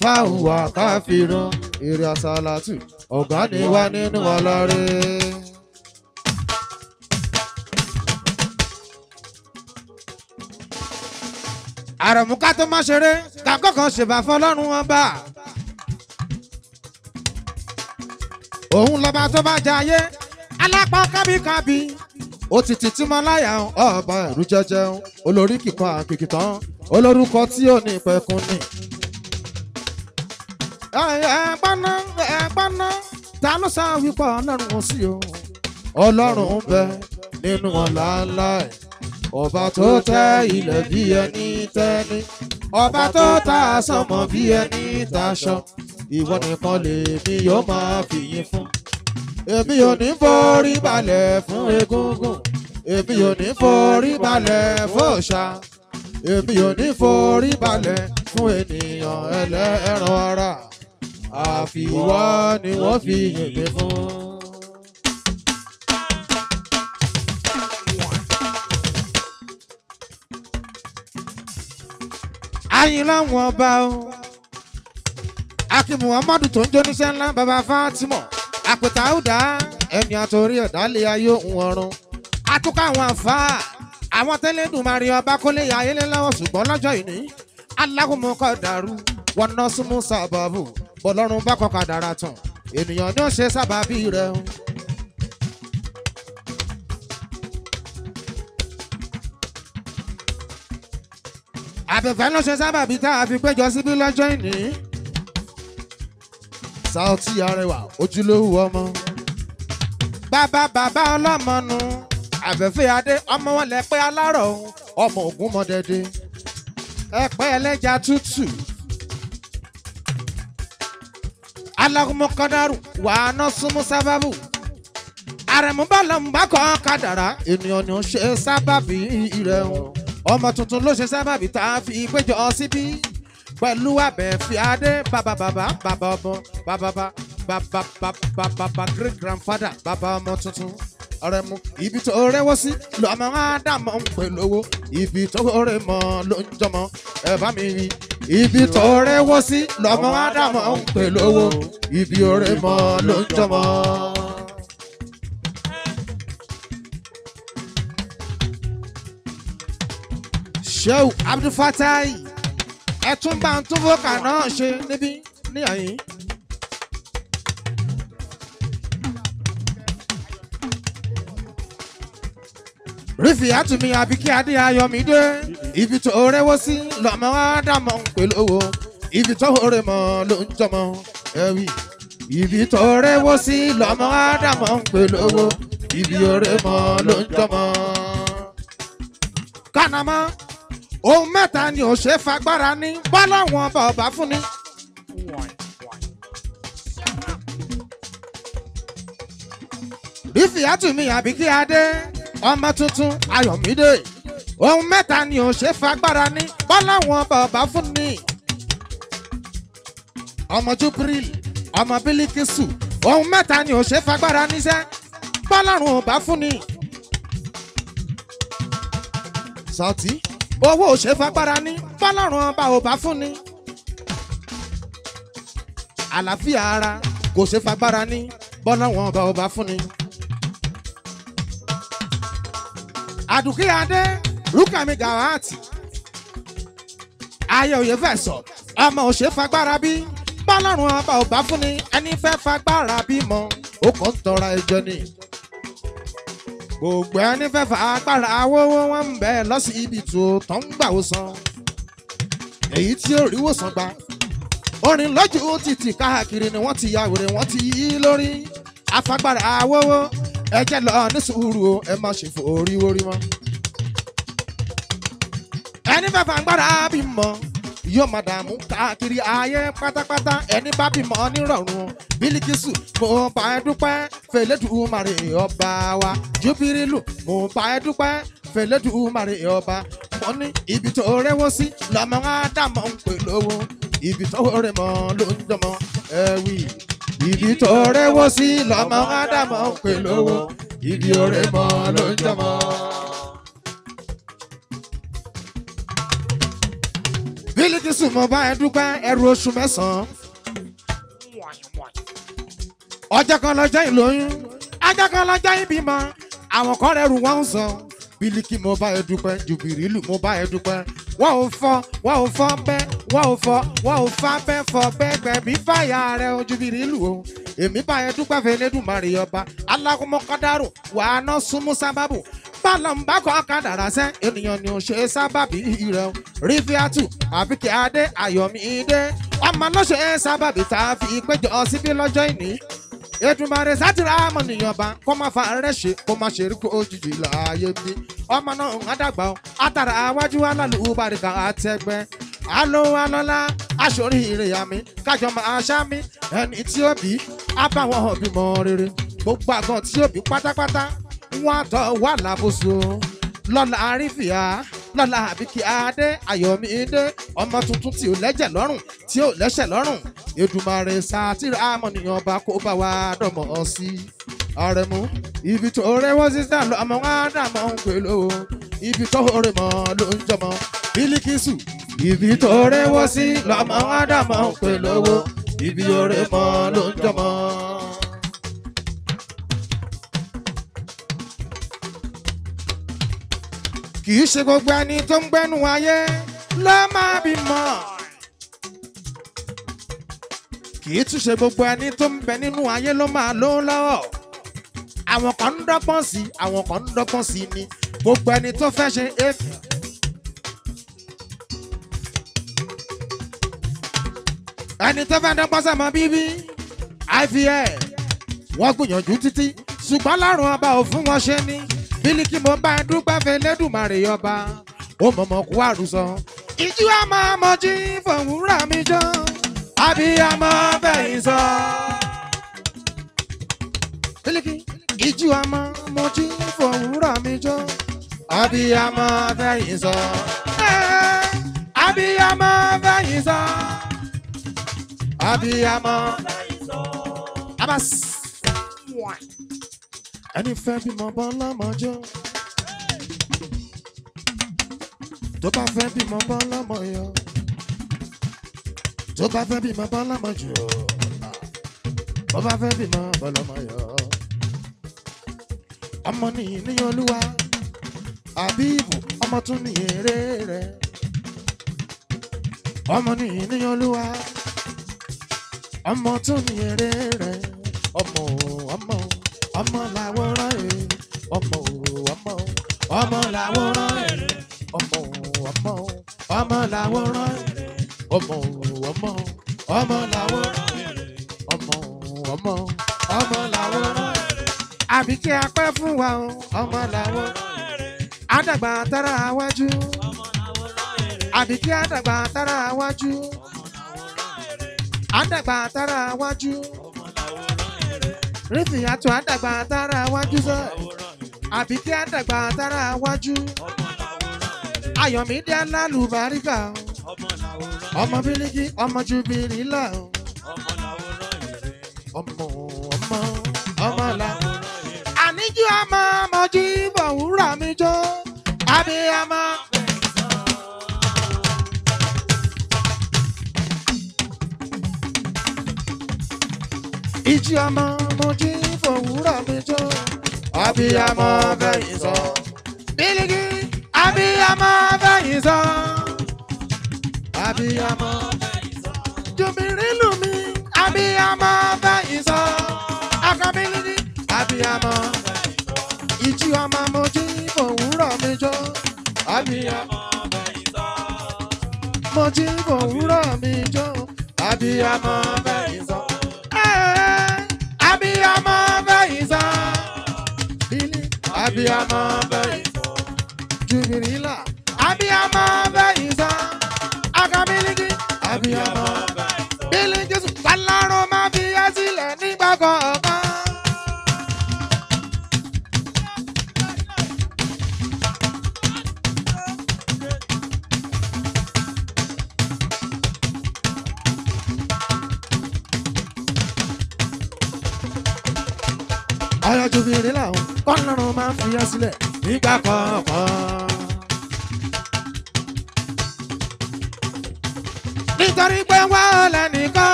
fáwọn wà káfíràn eré asálàtù ọ̀gá ni wá nínú ọlọ́rẹ́. àròmúká tó má ṣeré kàkọ́kọ́ ṣèbà fọlọ́run wọn bá. òun lọ́ba tó bá jẹ ayé alápá kábíkábí òtítì tí máa láyà ń ọba ẹ̀rú jẹjẹun olórí kíkan àkìkì tán olórúkọ tí ò ní pẹ̀kun ni. ẹ̀ẹ́gbọ́nà ẹ̀ẹ́gbọ́nà ta ló sá wípé ọlọ́run ò sí o ọlọ́run ń bẹ nínú ọ̀làlá ẹ̀ ọba tó tẹ ilẹ̀ bí ẹni tẹ́ni ọba tó ta sánmọ̀ bí ẹni taṣọ ìwọ nìkan lèmi yóò máa fìyìn fún èmi ò ní forí balẹ̀ fún egúngún èmi ò ní forí balẹ̀ fòòṣà èmi ò ní forí balẹ̀ fún ènìyàn ẹlẹ́ran ara àfiwá ni wọ́n fi yèmí fún. ayin láwọn ọba o akin muhammadu tó ń jó níṣẹ́ ńlá baba fatima àpótá ó dá ẹni àtòrí ọ̀dálẹ̀ ayé òun ọ̀run atúkọ̀ àwọn àfa àwọn tẹ́lẹ̀dùn máa rí ọba kólé ya ayé lọ́wọ́ ṣùgbọ́n lọ́jọ́ ìní alágùnmọ́kọ̀ dàrú wọn ná súnmú sábàbù bọ́lọ́run bá kọ́ka dára tán ènìyàn ní ó ṣe sábàbí rẹ̀ o. àbẹ̀fẹ́ ló ṣe sábàbí tá a fi péjọ síbí lọ́jọ́ ìní. Saoty arẹwà ojúlówó ọmọ. bàbá bàbá ọlọ́mọ nu àfẹ́fẹ́ adé ọmọ wọn lẹ pé alárọ̀ ọmọ ògún mọ́dẹ́dẹ́ ẹ̀pẹ́ ẹlẹ́ja tútù alakumọkọdaru wàá ná súnmú sábàbù àrẹ̀múbàlọ̀mùbá kan kàdàrà ènìyàn ni ó ṣe sábàbí rẹ̀ ọmọ tuntun ló ṣe sábàbí tá a fi péjọ síbí pẹ̀lú abẹ́fì adé bàbá bàbá ọmọ bàbá bàbá bàbá bàbá great grandfather bàbá ọmọ tuntun ọ̀rẹ́ mu ibi tó rẹwọ́ sí lọ́mọ ádámọ̀ ń pè lówó ibi tó rẹ mọ́ ló ń jọmọ ẹ bá mi rí ibi tó rẹwọ́ sí lọ́mọ ádámọ̀ ń pè lówó ibi tó rẹ mọ́ ló ń jọmọ. Shehu Abdul Fatai ẹ tún bá ń tún vókà náà ṣe níbí ní àyín. rífì àtúnmí àbíkí adé ayọ̀mídé ibi tó rẹwọ́ sí lọ́mọ ádámọ̀ ń pè lówó ibi tó rẹ mọ́ ló ń jọmọ ẹ̀wì. ibi tó rẹwọ́ sí lọ́mọ ádámọ̀ ń pè lówó ibi òrè mọ́ ló ń jọmọ. kánámọ́ ohun mẹ́ta ni ò ṣe fagbára ní bá láwọn bàbá fún ni. rífìyàtù mi àbíkí adé ọmọ tuntun ayọ̀mídé ohun mẹ́ta ni ò ṣe fagbára ní bá láwọn bàbá fún ni. ọmọ jubril ọmọ bílíkísù ohun mẹ́ta ni ò ṣe fagbára níṣẹ́ bá lárùn fún ni. sọtí. So owó òṣè fagbára ní fọlọ́run ọba ò fún ni àlàáfíà ara kò ṣe fagbára ní bọ́lọ́run ọba ò fún ni. àdùkí adé rúkàmí gàwáàtì ayé òye fẹ́ sọ ọmọ òṣè fagbára bí bọ́lọ́run ọba ò bá fún ni ẹni fẹ́ fagbára bí mọ́ ó kàn ń tọra ẹjọ́ ni gbogbo ẹni fẹ́ fà agbára awówó wọn ń bẹ lọ́sí ibi tó tán ń gbà ó san èyí tí ó rí wòsàn gbà orin lójú títì káàkiri ni wọ́n ti ya wèrè wọ́n ti yí lórí afagbára awówó ẹ lọ ní sùúrù o ẹ má ṣe forí mọ́ ẹni fẹ́ fà agbára bímọ yóò máa dààmú káàkiri ayé pátápátá ẹni bá bímọ nírọ̀rùn bílíkísù mo bá ẹ dúpẹ́ fèlédùmarè ọba wa júbírìlù mo bá ẹ dúpẹ́ fèlédùmarè ọba mo ní ibi tó rẹ́wọ́ sí lọ́mọ ádámọ̀ ń pè lówó ibi tó rẹ̀ mọ́ ló ń dánmọ́ ẹ wí. ibi tó rẹ́wọ́ sí lọ́mọ ádámọ̀ ń pè lówó ibi ó rẹ̀ mọ́ ló ń dánmọ́. bílíkì sùn mọ́ bá ẹ dúpẹ́ ẹrù oṣù mẹ́sàn-án. ọjọ́ kan lọ́jọ́ ìlóyún ajá kan lọ́jọ́ ìbímọ àwọn kan rẹrù wọn ń sọ bílíkì mo bá ẹ dúpẹ́ jùbìrìlù mo bá ẹ dúpẹ́ wọ́n ò fọ́ wọ́n ò fọ́ bẹ́ẹ̀ wọ́n ò fọ́ wọ́n ò fá bẹ́ẹ̀ fọ́ bẹ́ẹ̀ gbẹ̀mí fàyà rẹ o jùbìrìlù o èmi bá ẹ dúpẹ́ fẹ́lẹ́dùmarè ọba alákòmọ́kọ́dárò wàá ná súnmú sábàbù bá lọ ń bá kọ́ kádàrá sẹ́ ènìyàn ni ò ṣe sábàbí rẹ̀ rífíàtù àbíkẹ́ adé àyọ̀mí dé ọmọ ló ṣe sábàbí tá a fi péjọ síbí lọ́jọ́ ìní Èdùmàrè sátìrà ọmọnìyànba kó má fa rẹ̀ ṣe kó má ṣe rí kó òjijì láàyè bí ọmọ náà ń dàgbà ó àtàrà àwájú wa lálùú bàríkà àtẹgbẹ́ alówó alọ́lá aṣòrí ìrìyàmí kájọ máa ṣámi ẹni tí ó bí abáwọn òbí mọ́ rere gbogbo àgàn tí ó bí pátápátá nwátọ̀ wà lábùsù lọ́la àrífìá lọ́la àbíkí adé àyọ̀mí dé ọmọ tuntun tí ò lẹ́jẹ̀ lọ́rùn tí ò lẹ́sẹ̀ lọ́rùn Èdùmàrè sátírà amọ̀nìyàn bá kó bá wa dọ̀mọ̀ ọ sí ọ̀rẹ́ mu ibi tó rẹwọ sísá lọ ọmọ wa dàmọ ń pè ló ibi tó rẹ mọ ló ń jọmọ Bílíkísù ibi tó rẹwọ sí lọmọ wa dàmọ ń pè lówó ibi tó rẹ mọ ló ń jọmọ. kì í ṣe gbogbo ẹni tó ń gbẹ́nu ayé ló máa bímọ. kì í tún ṣe gbogbo ẹni tó ń bẹ nínú ayé ló máa lówó lọ́wọ́. àwọn kan ń dọ́gbọ́n sí i àwọn kan ń dọ́gbọ́n sí i ni gbogbo ẹni tó fẹ́ ṣe éfì. ẹni tó fẹ́ dọ́gbọ́n sọ̀mọ́ bíbí ivf wọ́n gbìyànjú títí ṣùgbọ́n lárùn ọba ò fún wọn ṣe ni bílíkì mo bá dúpẹ́ fẹlẹ́dùmarè ọba ó mọ̀mọ́ kú àrùsọ. ìjú àmọ́ ọmọ jí fòwúrà mi jọ abiyamọ fẹ̀yìn sọ. ìjú àmọ́ ọmọ jí fòwúrà mi jọ abiyamọ fẹ̀yìn sọ. Eh, abiyamọ fẹ̀yìn sọ. abiyamọ fẹ̀yìn sọ. abas ẹni fẹ́ bímọ bọ́lá mọ́jọ́ tó bá fẹ́ bímọ bọ́lá mọ́yọ́ tó bá fẹ́ bímọ bọ́lá mọ́jọ́ tó bá fẹ́ bímọ bọ́lá mọ́yọ́ ọmọ nìyí ní olúwa àbíbù ọmọ tún ní èrè rẹ ọmọ nìyí ní olúwa ọmọ tún ní èrè rẹ ọmọ ọmọ ọmọ làwọn rán èrè ọmọ òwò ọmọ ọmọ làwọn rán èrè ọmọ òwò ọmọ ọmọ làwọn rán èrè ọmọ òwò ọmọ ọmọ làwọn rán èrè ọmọ òwò ọmọ ọmọ làwọn rán àbí kí a pẹ́ fún wa o ọmọ làwọn àdàgbà tára wájú àbí kí àdàgbà tára wájú àdàgbà tára wájú. rédì àtọ̀ àdàgbà tára wájú sọ àbíkí àdàgbà tára wájú ayọ̀mídé alálùbáríkà ọmọ bíríkì ọmọ ju bírílà ọmọ ọmọ ọmọ la àníjú ọmọ bọ̀ wúrà mi jọ ìjìyàmọ mo jí mejo. mi jó abiyamọ fẹ̀yìn sọ bílíkì abiyamọ fẹ̀yìn sọ abiyamọ fẹ̀yìn sọ jùmírí lù mí abiyamọ fẹ̀yìn sọ akọbílíkì abiyamọ ìjìyàmọ mo jí mejo. mi jó abiyamọ fẹ̀yìn mo jí fòwúrọ̀ mi jó abiyamọ abiyamọ bẹ́ẹ̀ jìbìrìlà abiyamọ bẹ́ẹ̀ sá akamiliki abiyamọ bẹ́ẹ̀ bílí jésù alárùn máa fi yá sílẹ̀ nígbà kan.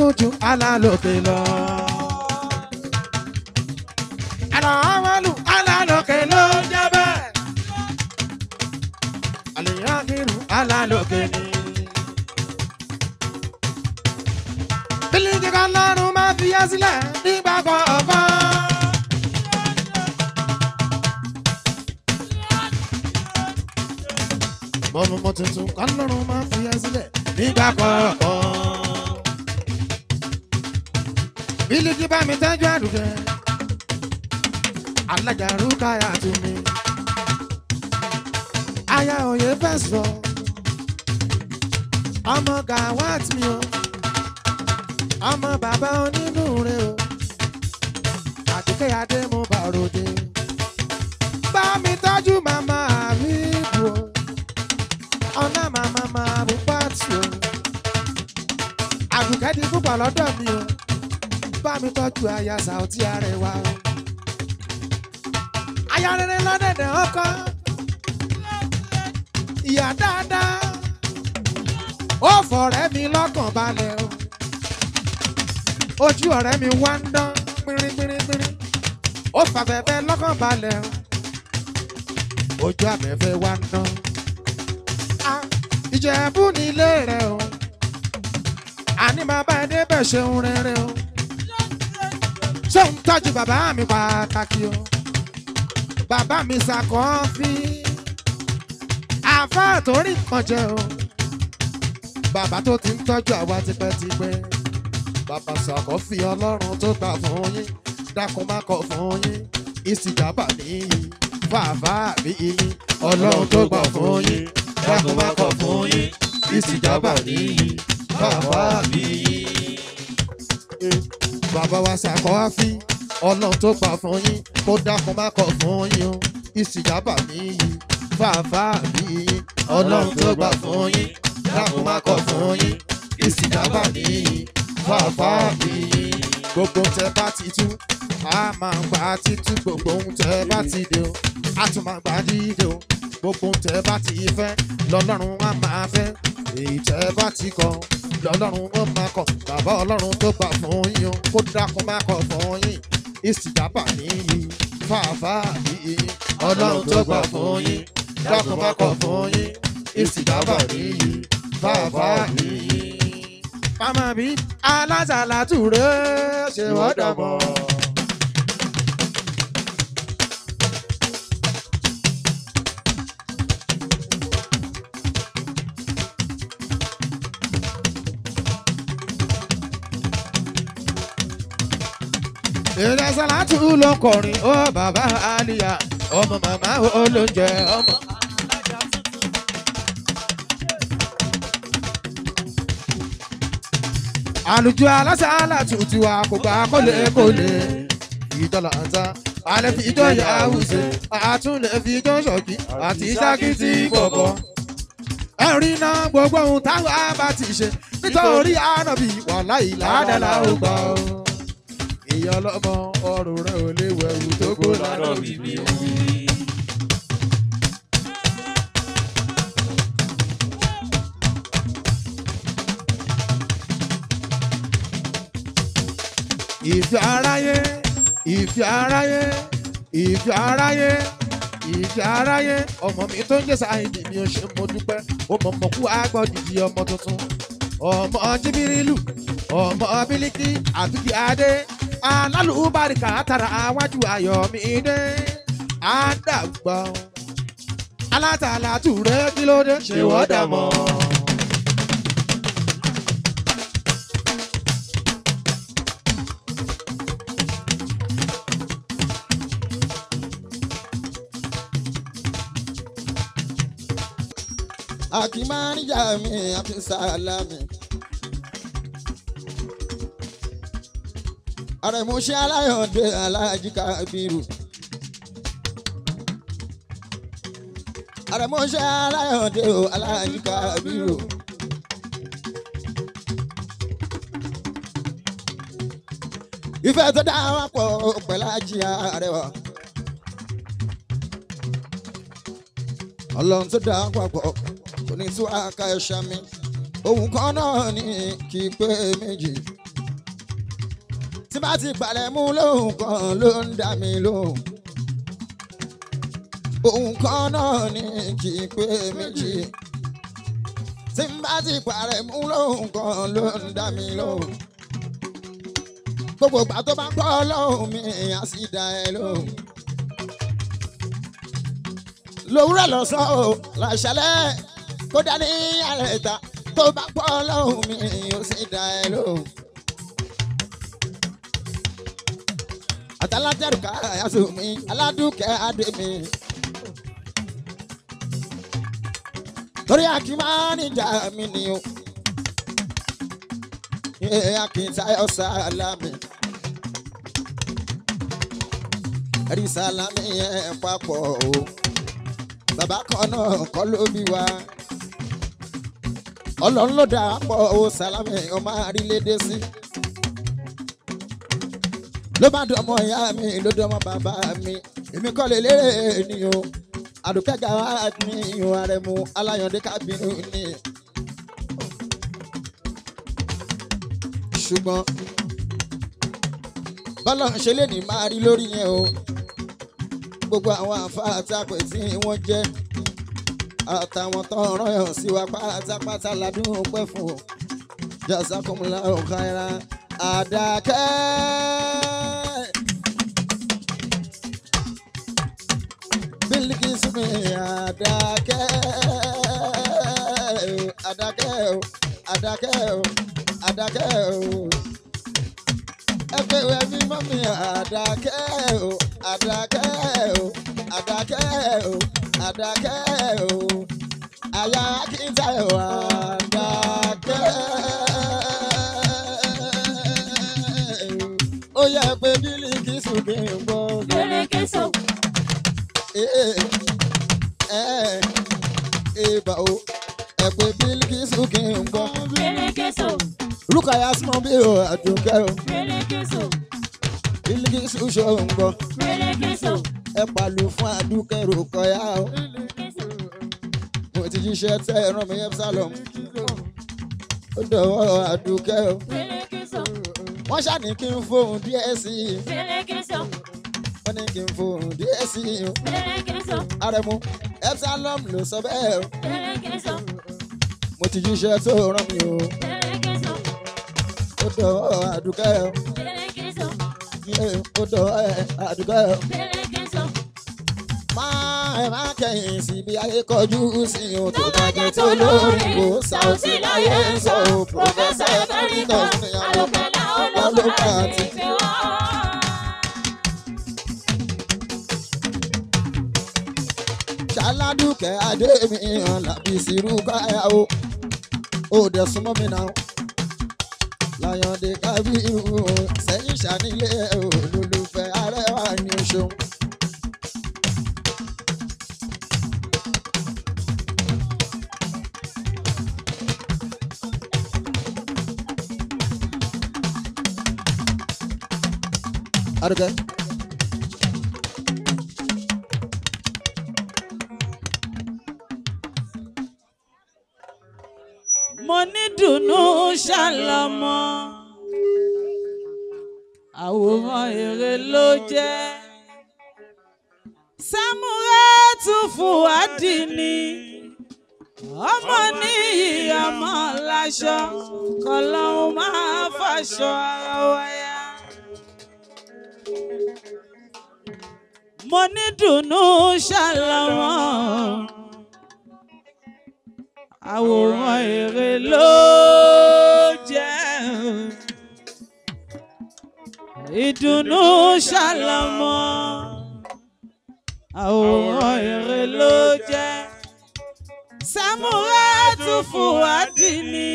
kún ju alálòkè lọ. àlọ́ àwọn lù alálòkè ló jẹ́ bẹ́ẹ̀. àlèyàn kìrù alálòkè ni. bílíǹdì kan lọ́rùn máa fi yá sílẹ̀ nígbà kọ̀ọ̀kan. mọ̀mọ́ tuntun kan lọ́rùn. alájà rúkàyà tù mí. ojú ọ̀rẹ́ mi wá ń dán gbìnrín-gbìnrín-gbìnrín ó fàfẹ́fẹ́ lọ́kàn balẹ̀ ojú abẹ́fẹ́ wá ń dán. ìjẹ̀bú nílé rẹ̀ o àní bàbá ẹ débẹ̀ ṣeun rere o ṣé ń tọ́jú bàbá mi pàtàkì o bàbá mi ṣàkọ́ọ́fì àfáà tó rí nǹkan jẹ o bàbá tó ti ń tọ́jú àwa tipẹ́tipẹ́ bàbá sàkọ́ fi ọlọ́run tó gbà fún yín dákun má kọ̀ fún yín ìsìjàbà níyì fàáfà bí yín ọlọ́run tó gbà fún yín dákun má kọ̀ fún yín ìsìjàbà níyì fàáfà bí yín. Eh, bàbá wa sàkọ́ á fi ọlọ́run tó gbà fún yín kó dákun má kọ̀ fún yín o ìsìjàbà níyì fàáfà bí yín ọlọ́run tó gbà fún yín dákun má kọ̀ fún yín ìsìjàbà níyì fàfà mi. gbogbo tẹ bá ti tú a máa gbà títú gbogbo ohun tẹ bá ti dé o a tún máa gbà dídé o gbogbo ohun tẹ bá ti fẹ́ lọ́lọ́run á máa fẹ́ èyí tẹ bá ti kọ lọ́lọ́run ó máa kọ bàbá ọlọ́run tó gbà fún yín o kó dákun má kọ fún yín ìsìdábà nìyí fàfà mi. ọlọ́run tó gbà fún yín dákun má kọ fún yín ìsìdábà nìyí fàfà nìyí bi famabi alásàlátúrò ṣe wọ́dọ̀ bọ̀. ìrẹsàlátú ló kọrin ó bàbá àlìyá ọmọ màmá ó ló ń jẹ ọmọ. àlùjọ alásàálà tuntun wa kò gbà kólé kólé ìdọ́là ọ̀tá alẹ́ fi ìjọ yà áwùsè àtúnlẹ̀ fi ìjọ ṣọ̀kí àti ìṣàkìtì bọ̀bọ̀ ẹ̀rí náà gbogbo ohun táwọn àbá ti ṣe nítorí ànábì wàhálà ìlàdàlà ò gbà ó ìyá ọlọ́mọ ọrùn rẹ̀ ò léwu ẹ̀wù tó kó lánàá bìbí omi. If if if if you you you you are are are are Oh don't just ìfẹ́ aráyé ìfẹ́ aráyé ìfẹ́ aráyé ìfẹ́ aráyé ọmọ mi tó ń jẹ́ oh my ability, I do the ó And I look àgbọ̀ dìdì ọmọ tuntun ọmọ jibirilu ọmọ bílíkì àtúkì adé alálùbáríkà àtàrà àwájú ayọ̀mí dé àdàgbà alátàlátù rẹ kí She dé ṣèwọ́dà mọ́. àti máníjà mi àti sàlámì. àrẹ̀mọṣẹ́ aláyọ̀dé aláàjì kábírù. àrẹ̀mọṣẹ́ aláyọ̀dé aláàjì kábírù. ìfẹ́ tó dá wa pọ̀ pẹ̀lú àjíyá Àrẹwà. ọlọ́run tó dá wa pọ̀ kò ní tú aka ẹ̀ṣà mi ohun kan náà ní kí pé méjì tí bá ti palẹ̀ mú lóhùn kan ló ń dá mi lóhùn ohun kan náà ní kí pé méjì tí bá ti parẹ́ mú lóhùn kan ló ń dá mi lóhùn. gbogbo ìgbà tó bá gbọ́ lóhùn mi á sì dá ẹ lóhùn. lówùrọ̀ lọ́sàn-án o kó dání àrẹ̀ta tó bá pọ̀ lọ́hùn mi yóò sì dá ẹ lóhùn. àtàlájẹrùká àyàsùn mi aládùúkẹ́ adé mi. torí àkìmánìjà mi ni o akintayo salami ẹ̀rí salami ẹ̀ papọ̀ o bàbá kan náà kọ́ ló bí wa ọlọ́run ló darapọ̀ o sàlámì o máa rí lédè sí. ló bá dọmọ ìyá mi ló dọmọ bàbá mi èmi kọ́ lè lérè ni o àdùkẹ́ gàrà ni ìhùn àrẹ̀mú aláyọ̀dé kábínú ni. ṣùgbọ́n bọ́lá ń ṣe lè ní máa rí lórí yẹn o gbogbo àwọn àǹfààní àti àpètí wọn jẹ́ àtàwọn tọrọ ẹ̀ sí wa pátápátá ládùn pẹ́ fún o jazakumullahu khairan àdàkẹ́. Bilkisu mi àdàkẹ́ àdàkẹ́ àdàkẹ́ àdàkẹ́ ẹgbẹ́ ìwé mímọ́ mi àdàkẹ́ àdàkẹ́ àdàkẹ́ àdàkẹ́ o àyà kìtà wà àdàkẹ́ ó yẹ pé bílí kìsù biliki í gbọ́. bílí kìsù. ìbà o ẹ pé bílí kìsù kì í gbọ́. bílí kìsù. Rúkàyà bí o àdùnkẹ́ o. bílí kìsù. Bilikisu Ṣóńgó. Bilikisu. ẹ pàlù fún Àdùkẹ́ Rùkọ̀yà o. Bilikisu. mo ti jíṣẹ́ tẹ́ ẹran mi Epsilon. ó dọ̀wọ́ Àdùkẹ́ o. Bilikisu. wọ́n ṣàní kí n fóun díẹ̀ sí i. Bilikisu. wọ́n ní kí n fóun díẹ̀ sí i. Bilikisu. Arẹ̀mú Epsilon ló sọ bẹ́ẹ̀ o. mo ti jíṣẹ́ tó rán mi o. Bilikisu. ó dọ̀wọ́ Àdùkẹ́ o. Bilikisu fi odò ẹ̀ eh, àdúgbò ẹ̀. Máa má kẹ̀yìn sí bí ayé kọjú sí o tó bá jẹ́ tó lórí kò sáùtì láyé ń sọ o. Pòfẹ́sà Ẹ̀fẹ́rìntàn ní àlùfẹ́lá olóògbé àti ìfẹ́ wá. Ṣàládùkẹ́ Adémi hàn làbí sírú káyà o. Ó dẹ̀ súnmọ́ mi náà láyọ̀dé kábíyù sẹ́yìn ṣàníyẹ olólùfẹ́ arẹwà ni o ṣeun. Arúgbó. dùnú ṣàlọ́mọ àwòrán èrè ló jẹ́ Sámúrẹ́ tún Fúwádì ni ọmọ níyì ọmọ láṣọ kọlọ́hún máa fàṣọ ara wáyà. mo ní dùnú ṣàlọ́mọ àwòrán èrè ló jẹ́ ìdùnnú ṣàlọ́mọ́ àwòrán èrè ló jẹ́ Sàmúrátù Fùwádìí ni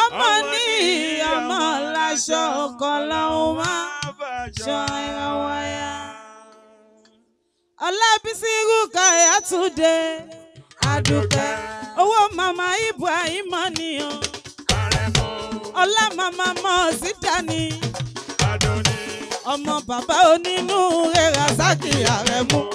ọmọ ní ọmọ láṣọ ọkọ lọ́hùn máa ṣọ ẹ̀rọ wáyà. Ọlábísí Rúkàyà tún dé Adúpẹ́ owó màmá Ibrahim nìyàn ọlá màmá Mosida ni ọmọ bàbá onínú rẹ̀ Rasaki Aremu.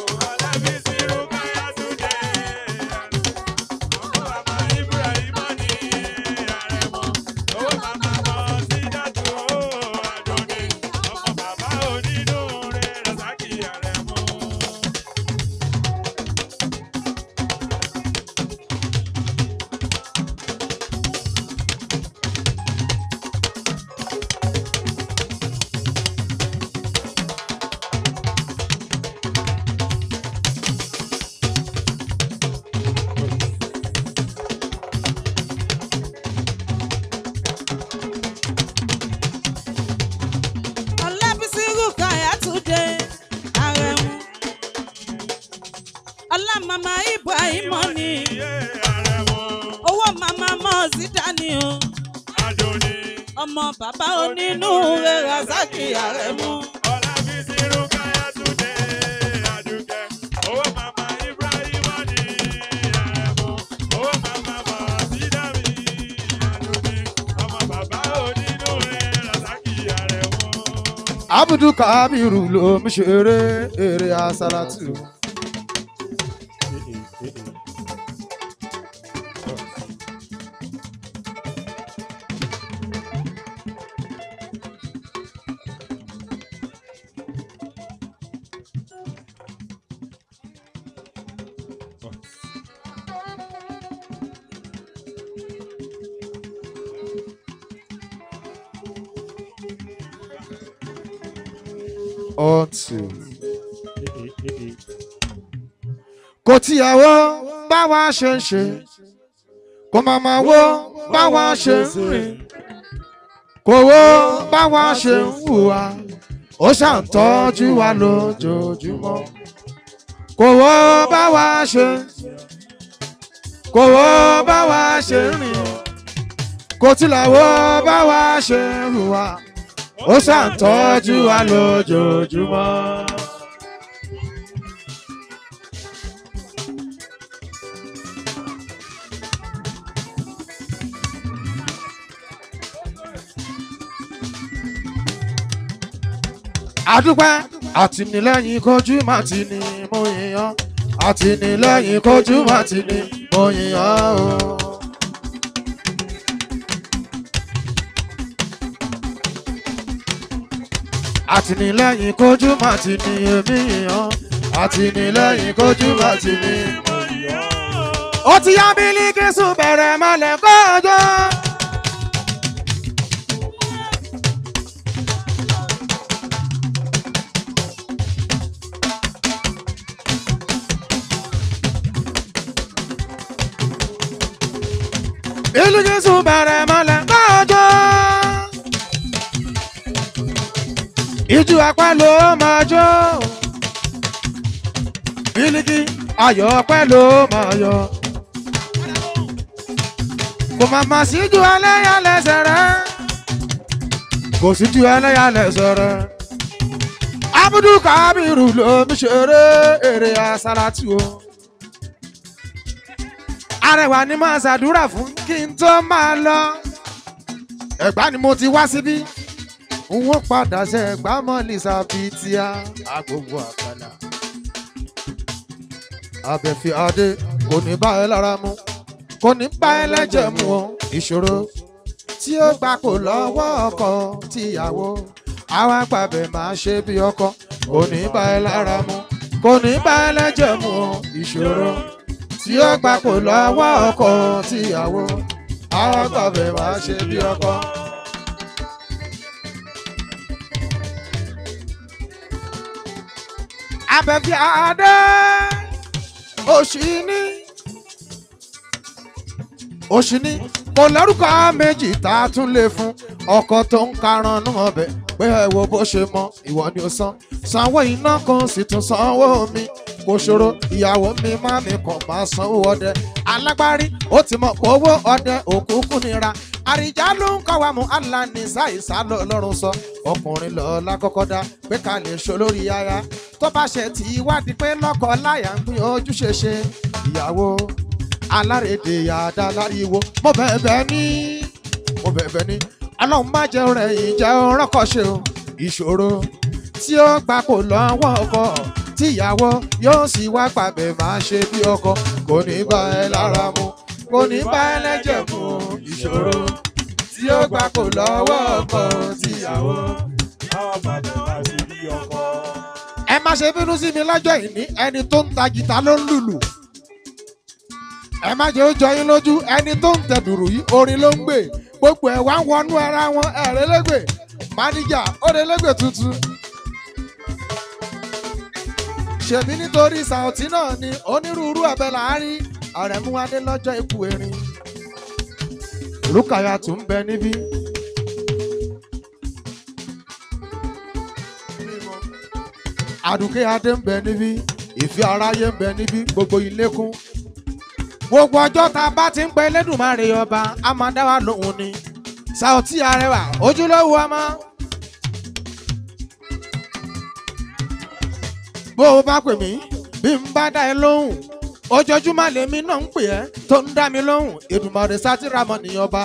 Abiru lo ń ere asalatu. Eh, eh, eh, unto. kò tiẹ̀ wo báwa ṣe ń ṣe kò màmá wo báwa ṣe ń rìn kò wo báwa ṣe ń hùwà ó ṣàǹtọ́jú wa lójoojúmọ́ kò wo báwa ṣe kò wo báwa ṣe ń rìn kò tilẹ̀ wo báwa ṣe ń hùwà ó ṣàǹtọ́jú wa lójoojúmọ́. àdúpẹ́ àtìnílẹ́yìn kojú máa ti ní mo yìnyán àtìnílẹ́yìn kojú máa ti ní mo yìnyán o. àtìlẹ́yìn kojú má ti ní èmi yàn àtìlẹ́yìn kojú má ti ní. ó ti yá Bílíkísù bẹ̀rẹ̀ mọ́lẹ̀ kọ́jọ́. Bílíkísù bẹ̀rẹ̀ mọ́lẹ̀ kọ́jọ́. lójú apá ló máa jó bílíkì ayọ̀ ọpẹ́ ló máa yọ kò má má síjú ẹlẹ́yàlẹ́sẹ̀ rẹ kò síjú ẹlẹ́yàlẹ́sẹ̀ rẹ abudu kabiru lómi ṣeré ere asálàtì o arẹwà ni ma ṣàdúrà fún kí n tó máa lọ ni mo ti wá síbí. n ó padà ṣe gbámọ́ ní sàbítíà agbóngbò àgbàlá. abẹ́fì adé kò ní bá ẹ lára mu kò ní bá ẹ lẹ́jẹ̀ mu o ìṣòro tí ó gbà kò lọ́wọ́ ọkọ tíyàwó àwọn àgbàbẹ̀ máa ṣe bí ọkọ kò ní bá ẹ lára mu kò ní bá ẹ lẹ́jẹ̀ mu o ìṣòro tí ó gbà kò lọ́wọ́ ọkọ tíyàwó àwọn àgbàbẹ̀ máa ṣe bí ọkọ. abẹ́fẹ́ adé òṣìní òṣìní mo lórúkọ méjì tá a tún lè fún ọkọ tó ń karànnú ọbẹ̀ pé ẹ bó ṣe mọ ìwọ ni ó san sanwó iná kan sì tún sanwó mi kò ṣòro ìyàwó mi má mi kàn máa sanwó ọdẹ alágbárí ó ti mọ owó ọdẹ òkúkú nira àrìjá ló ń kọ́ wa mú alanisa ìsálọ ọlọ́run sọ ọkùnrin lọ́ọ́lá kọ́kọ́ dá pé ká lè ṣolórí ara tó bá ṣe tí wádìí pé lọ́kọ láyà ń pín ojúṣe ṣe ìyàwó alárédè yàda mo bẹ̀bẹ̀ ní mo bẹ̀bẹ̀ ní ọlọ́run má jẹ́ rẹ̀yìn jẹ́ rọ́kọ̀ ṣe o ìṣòro tí ó gbà kò lọ́wọ́ ọkọ tíyàwó yóò sì wá pàbẹ̀ máa ṣe bí ọkọ kò ní bá ẹ lára mu kò ní bá ẹlẹ́jẹ̀ mú ìṣòro tí ó gbà kó lọ́wọ́ ọkọ tíyàwó àwọn bàdàn bá ti rí ọkọ. ẹ má ṣe bínú sí mi lọ́jọ́ ìní ẹni tó ń ta jìtá ló ń lùlù ẹ má jẹ́ ó jọ yín lójú ẹni tó ń tẹ̀dùrù yìí orin ló ń gbè gbogbo ẹ̀ wá ń wọnú ara wọn ẹ̀rẹ́lẹ́gbẹ̀ máníjà ọ̀rẹ́lẹ́gbẹ̀ tuntun ṣèbí nítorí Saoty náà ni onírúurú ẹ̀bẹ̀ láàárín àrẹ̀mú adé lọ́jọ́ ikú erin olùkàyà tó ń bẹ níbí. àdùkẹ́ adé ń bẹ níbí ìfẹ́ aráyé ń bẹ níbí gbogbo ilé kún. gbogbo ọjọ́ ta bá ti ń pẹ́ lẹ́dùnmáre ọba a máa dá wa lóhùn ni Saoty Arewa ojúlówó ọmọ. bó o bá pè mí bí n bá dá ẹ lóhùn. ojoojúmọ́ lèmi náà ń pè ẹ́ tó ń dá mi lóhùn Èdùmàrè sátìrámọ̀ nìyẹn ọba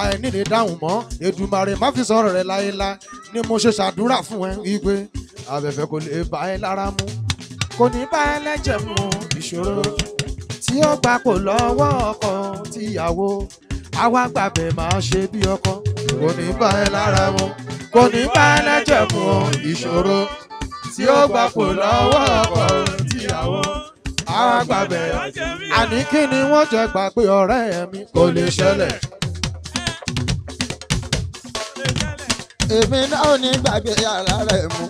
àìní lè dáhùn mọ́ Èdùmàrè má fi sọ̀rọ̀ rẹ̀ láyéláyé ni mo ṣe ṣàdúrà fún ẹ wípé abẹ́fẹ́ kò lè bá ẹ lára mu kò ní bá ẹ lẹ́jẹ̀ mu ìṣòro tí ó gbà kò lọ́wọ́ ọkọ tíyàwó àwa gbàgbẹ́ máa ṣe bí ọkọ kò ní bá ẹ lára mu kò ní bá ẹ lẹ́jẹ̀ mu ìṣòro tí ó gbà kò lọ́wọ́ ọkọ tíyàwó àgbàbẹ̀ àní kí ni wọ́n jẹ gbà pé ọ̀rẹ́ mi kò lè ṣẹlẹ̀. èmi náà ò ní gbàgbé yàrá rẹ̀ mú.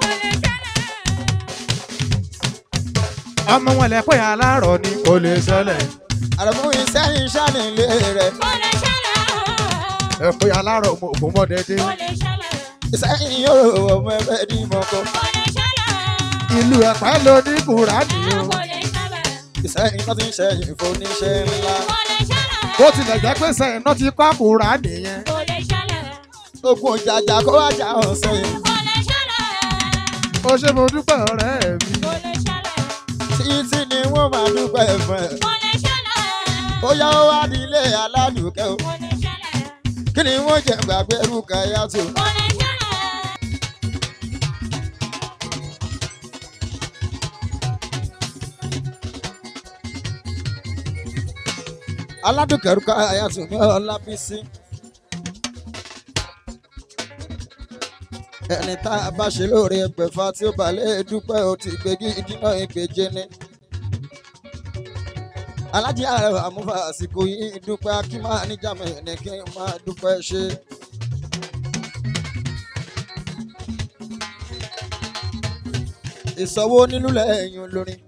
ọmọ wọn lẹ pé aláàárọ̀ ni kò lè ṣẹlẹ̀. àrùbù ìsẹ́yìn ṣàlẹ̀ ilé rẹ̀. kò lè ṣẹlẹ̀ o. ẹ pé aláàárọ̀ mo kò lè ṣẹlẹ̀. ìsẹ́yìn yóò wọ̀ ọmọ ẹgbẹ́ ní mọ́kọ. ìlú Ẹ̀pẹ́ ló ní Kùránì o ìsẹ́yìn náà ti ń ṣẹ̀yìn ìfoníṣẹ́ ńlá. bó tilẹ̀ jẹ́ pé sẹ́yìn náà ti pàkúrà nìyẹn. ogun òjàjà kó wá jà ọ̀ sẹ́yìn. o ṣe mo dúpẹ́ ọ̀rẹ́ mi. títí ni wọ́n máa dúpẹ́ fún ẹ. ó yá ó wá nílé alálùkẹ́ o. kí ni wọ́n jẹ gbàgbé rúkẹ́ yàtọ̀. aládùnkẹ̀rù káyàtú ní ọlábísí. ẹni tá a bá ṣe lóore ẹgbẹ̀fà tí ó balẹ̀ dúpẹ́ ó ti gbégi dínà ìgbèje ni. alájí ààrẹ àmúfà àsìkò yìí dúpẹ́ kí máa ní kí máa dúpẹ́ ṣe. ìsọwọ́ nílùú lẹ́yìn lórin.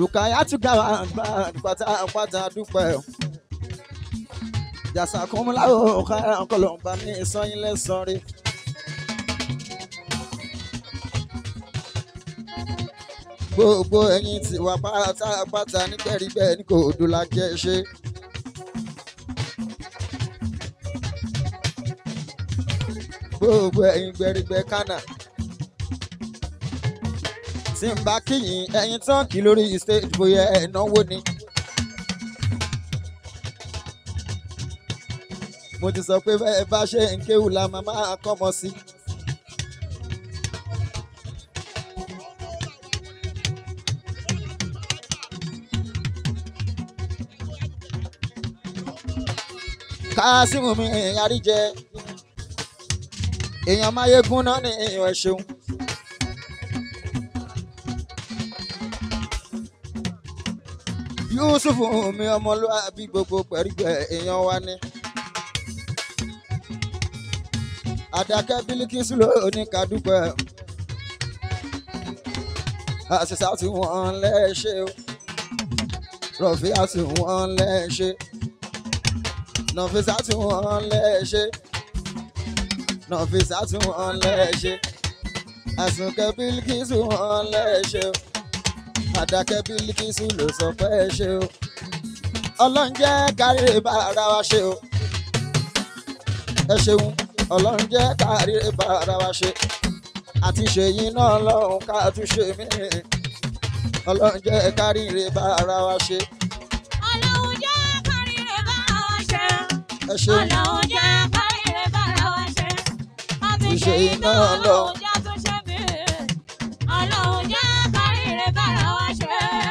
Rukayatu Gawat pátá pátá dúpẹ́ o. Jàsà kún mú láwọ̀ ọ̀kára ọ̀kọ̀lọ̀ ń bá ní ìsọyìn lẹ́sàn-án rí. Gbogbo ẹ̀yin ti wà pátá pátá nígbẹ̀rí bẹ́ẹ̀ ní kò dùlà jẹ́ ṣe. Gbogbo ẹ̀yin gbẹ̀rígbẹ̀ kánà tí ń bá kíyìn ẹ̀yin tán kì lórí stage bóyá ẹ̀ náwó ni. mo ti sọ pé bẹ́ẹ̀ bá ṣe ń kéwù la máa máa kọ́mọ sí. kásìmù mi ìyàrí jẹ èèyàn máyégún náà ni èèyàn ẹ̀ ṣeun. Yusuf mi ọmọlúwàbí gbogbo pẹ̀rígbẹ̀ èèyàn wa ni. Àdàkẹ́ Bílíkísù lóní kàdúpẹ́. Àṣìṣà tí wọ́n lẹ́ṣẹ̀ o. Rọ̀fíà tí wọ́n lẹ́ṣẹ̀. Nọ̀fíṣà tí wọ́n lẹ́ṣẹ̀. Nọ̀fíṣà tí wọ́n lẹ́ṣẹ̀. Àṣùnkẹ́ Bílíkísù wọ́n lẹ́ṣẹ̀ o àdàkẹ́ bílíkìsù ló sọ pé ẹ ṣe o ọlọ́run jẹ́ káríre bá ara wa ṣe o ẹ ṣeun ọlọ́run jẹ́ káríre bá wa ṣe àti ṣèyí náà lọ́run ká tún ṣe mí ọlọ́run jẹ́ káríre bá wa ṣe. ọlọ́run jẹ́ káríre bá wa ṣe. ẹ ṣeun ọlọ́run jẹ́ káríre bá wa ṣe. àti ṣèyí náà lọ́run.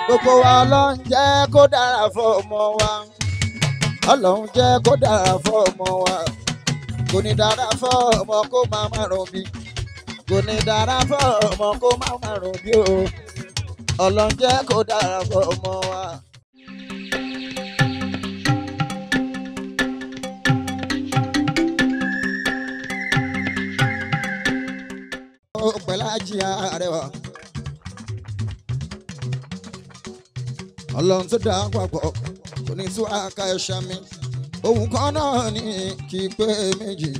gbogbo wa ọlọ́run jẹ́ kó dára fún ọmọ wa ọlọ́run jẹ́ kó dára fún ọmọ wa kò ní dára fún ọmọ kó má má rùn bí kò ní dára fún ọmọ kó má má rùn o ọlọ́run jẹ́ kó dára fún ọmọ wa. ó pẹ̀lú àjíyàn àrẹwà. ọlọ́run tó dá papọ̀ kò ní tú àká ẹ̀ṣá mi òun kan náà ní kí pé méjì.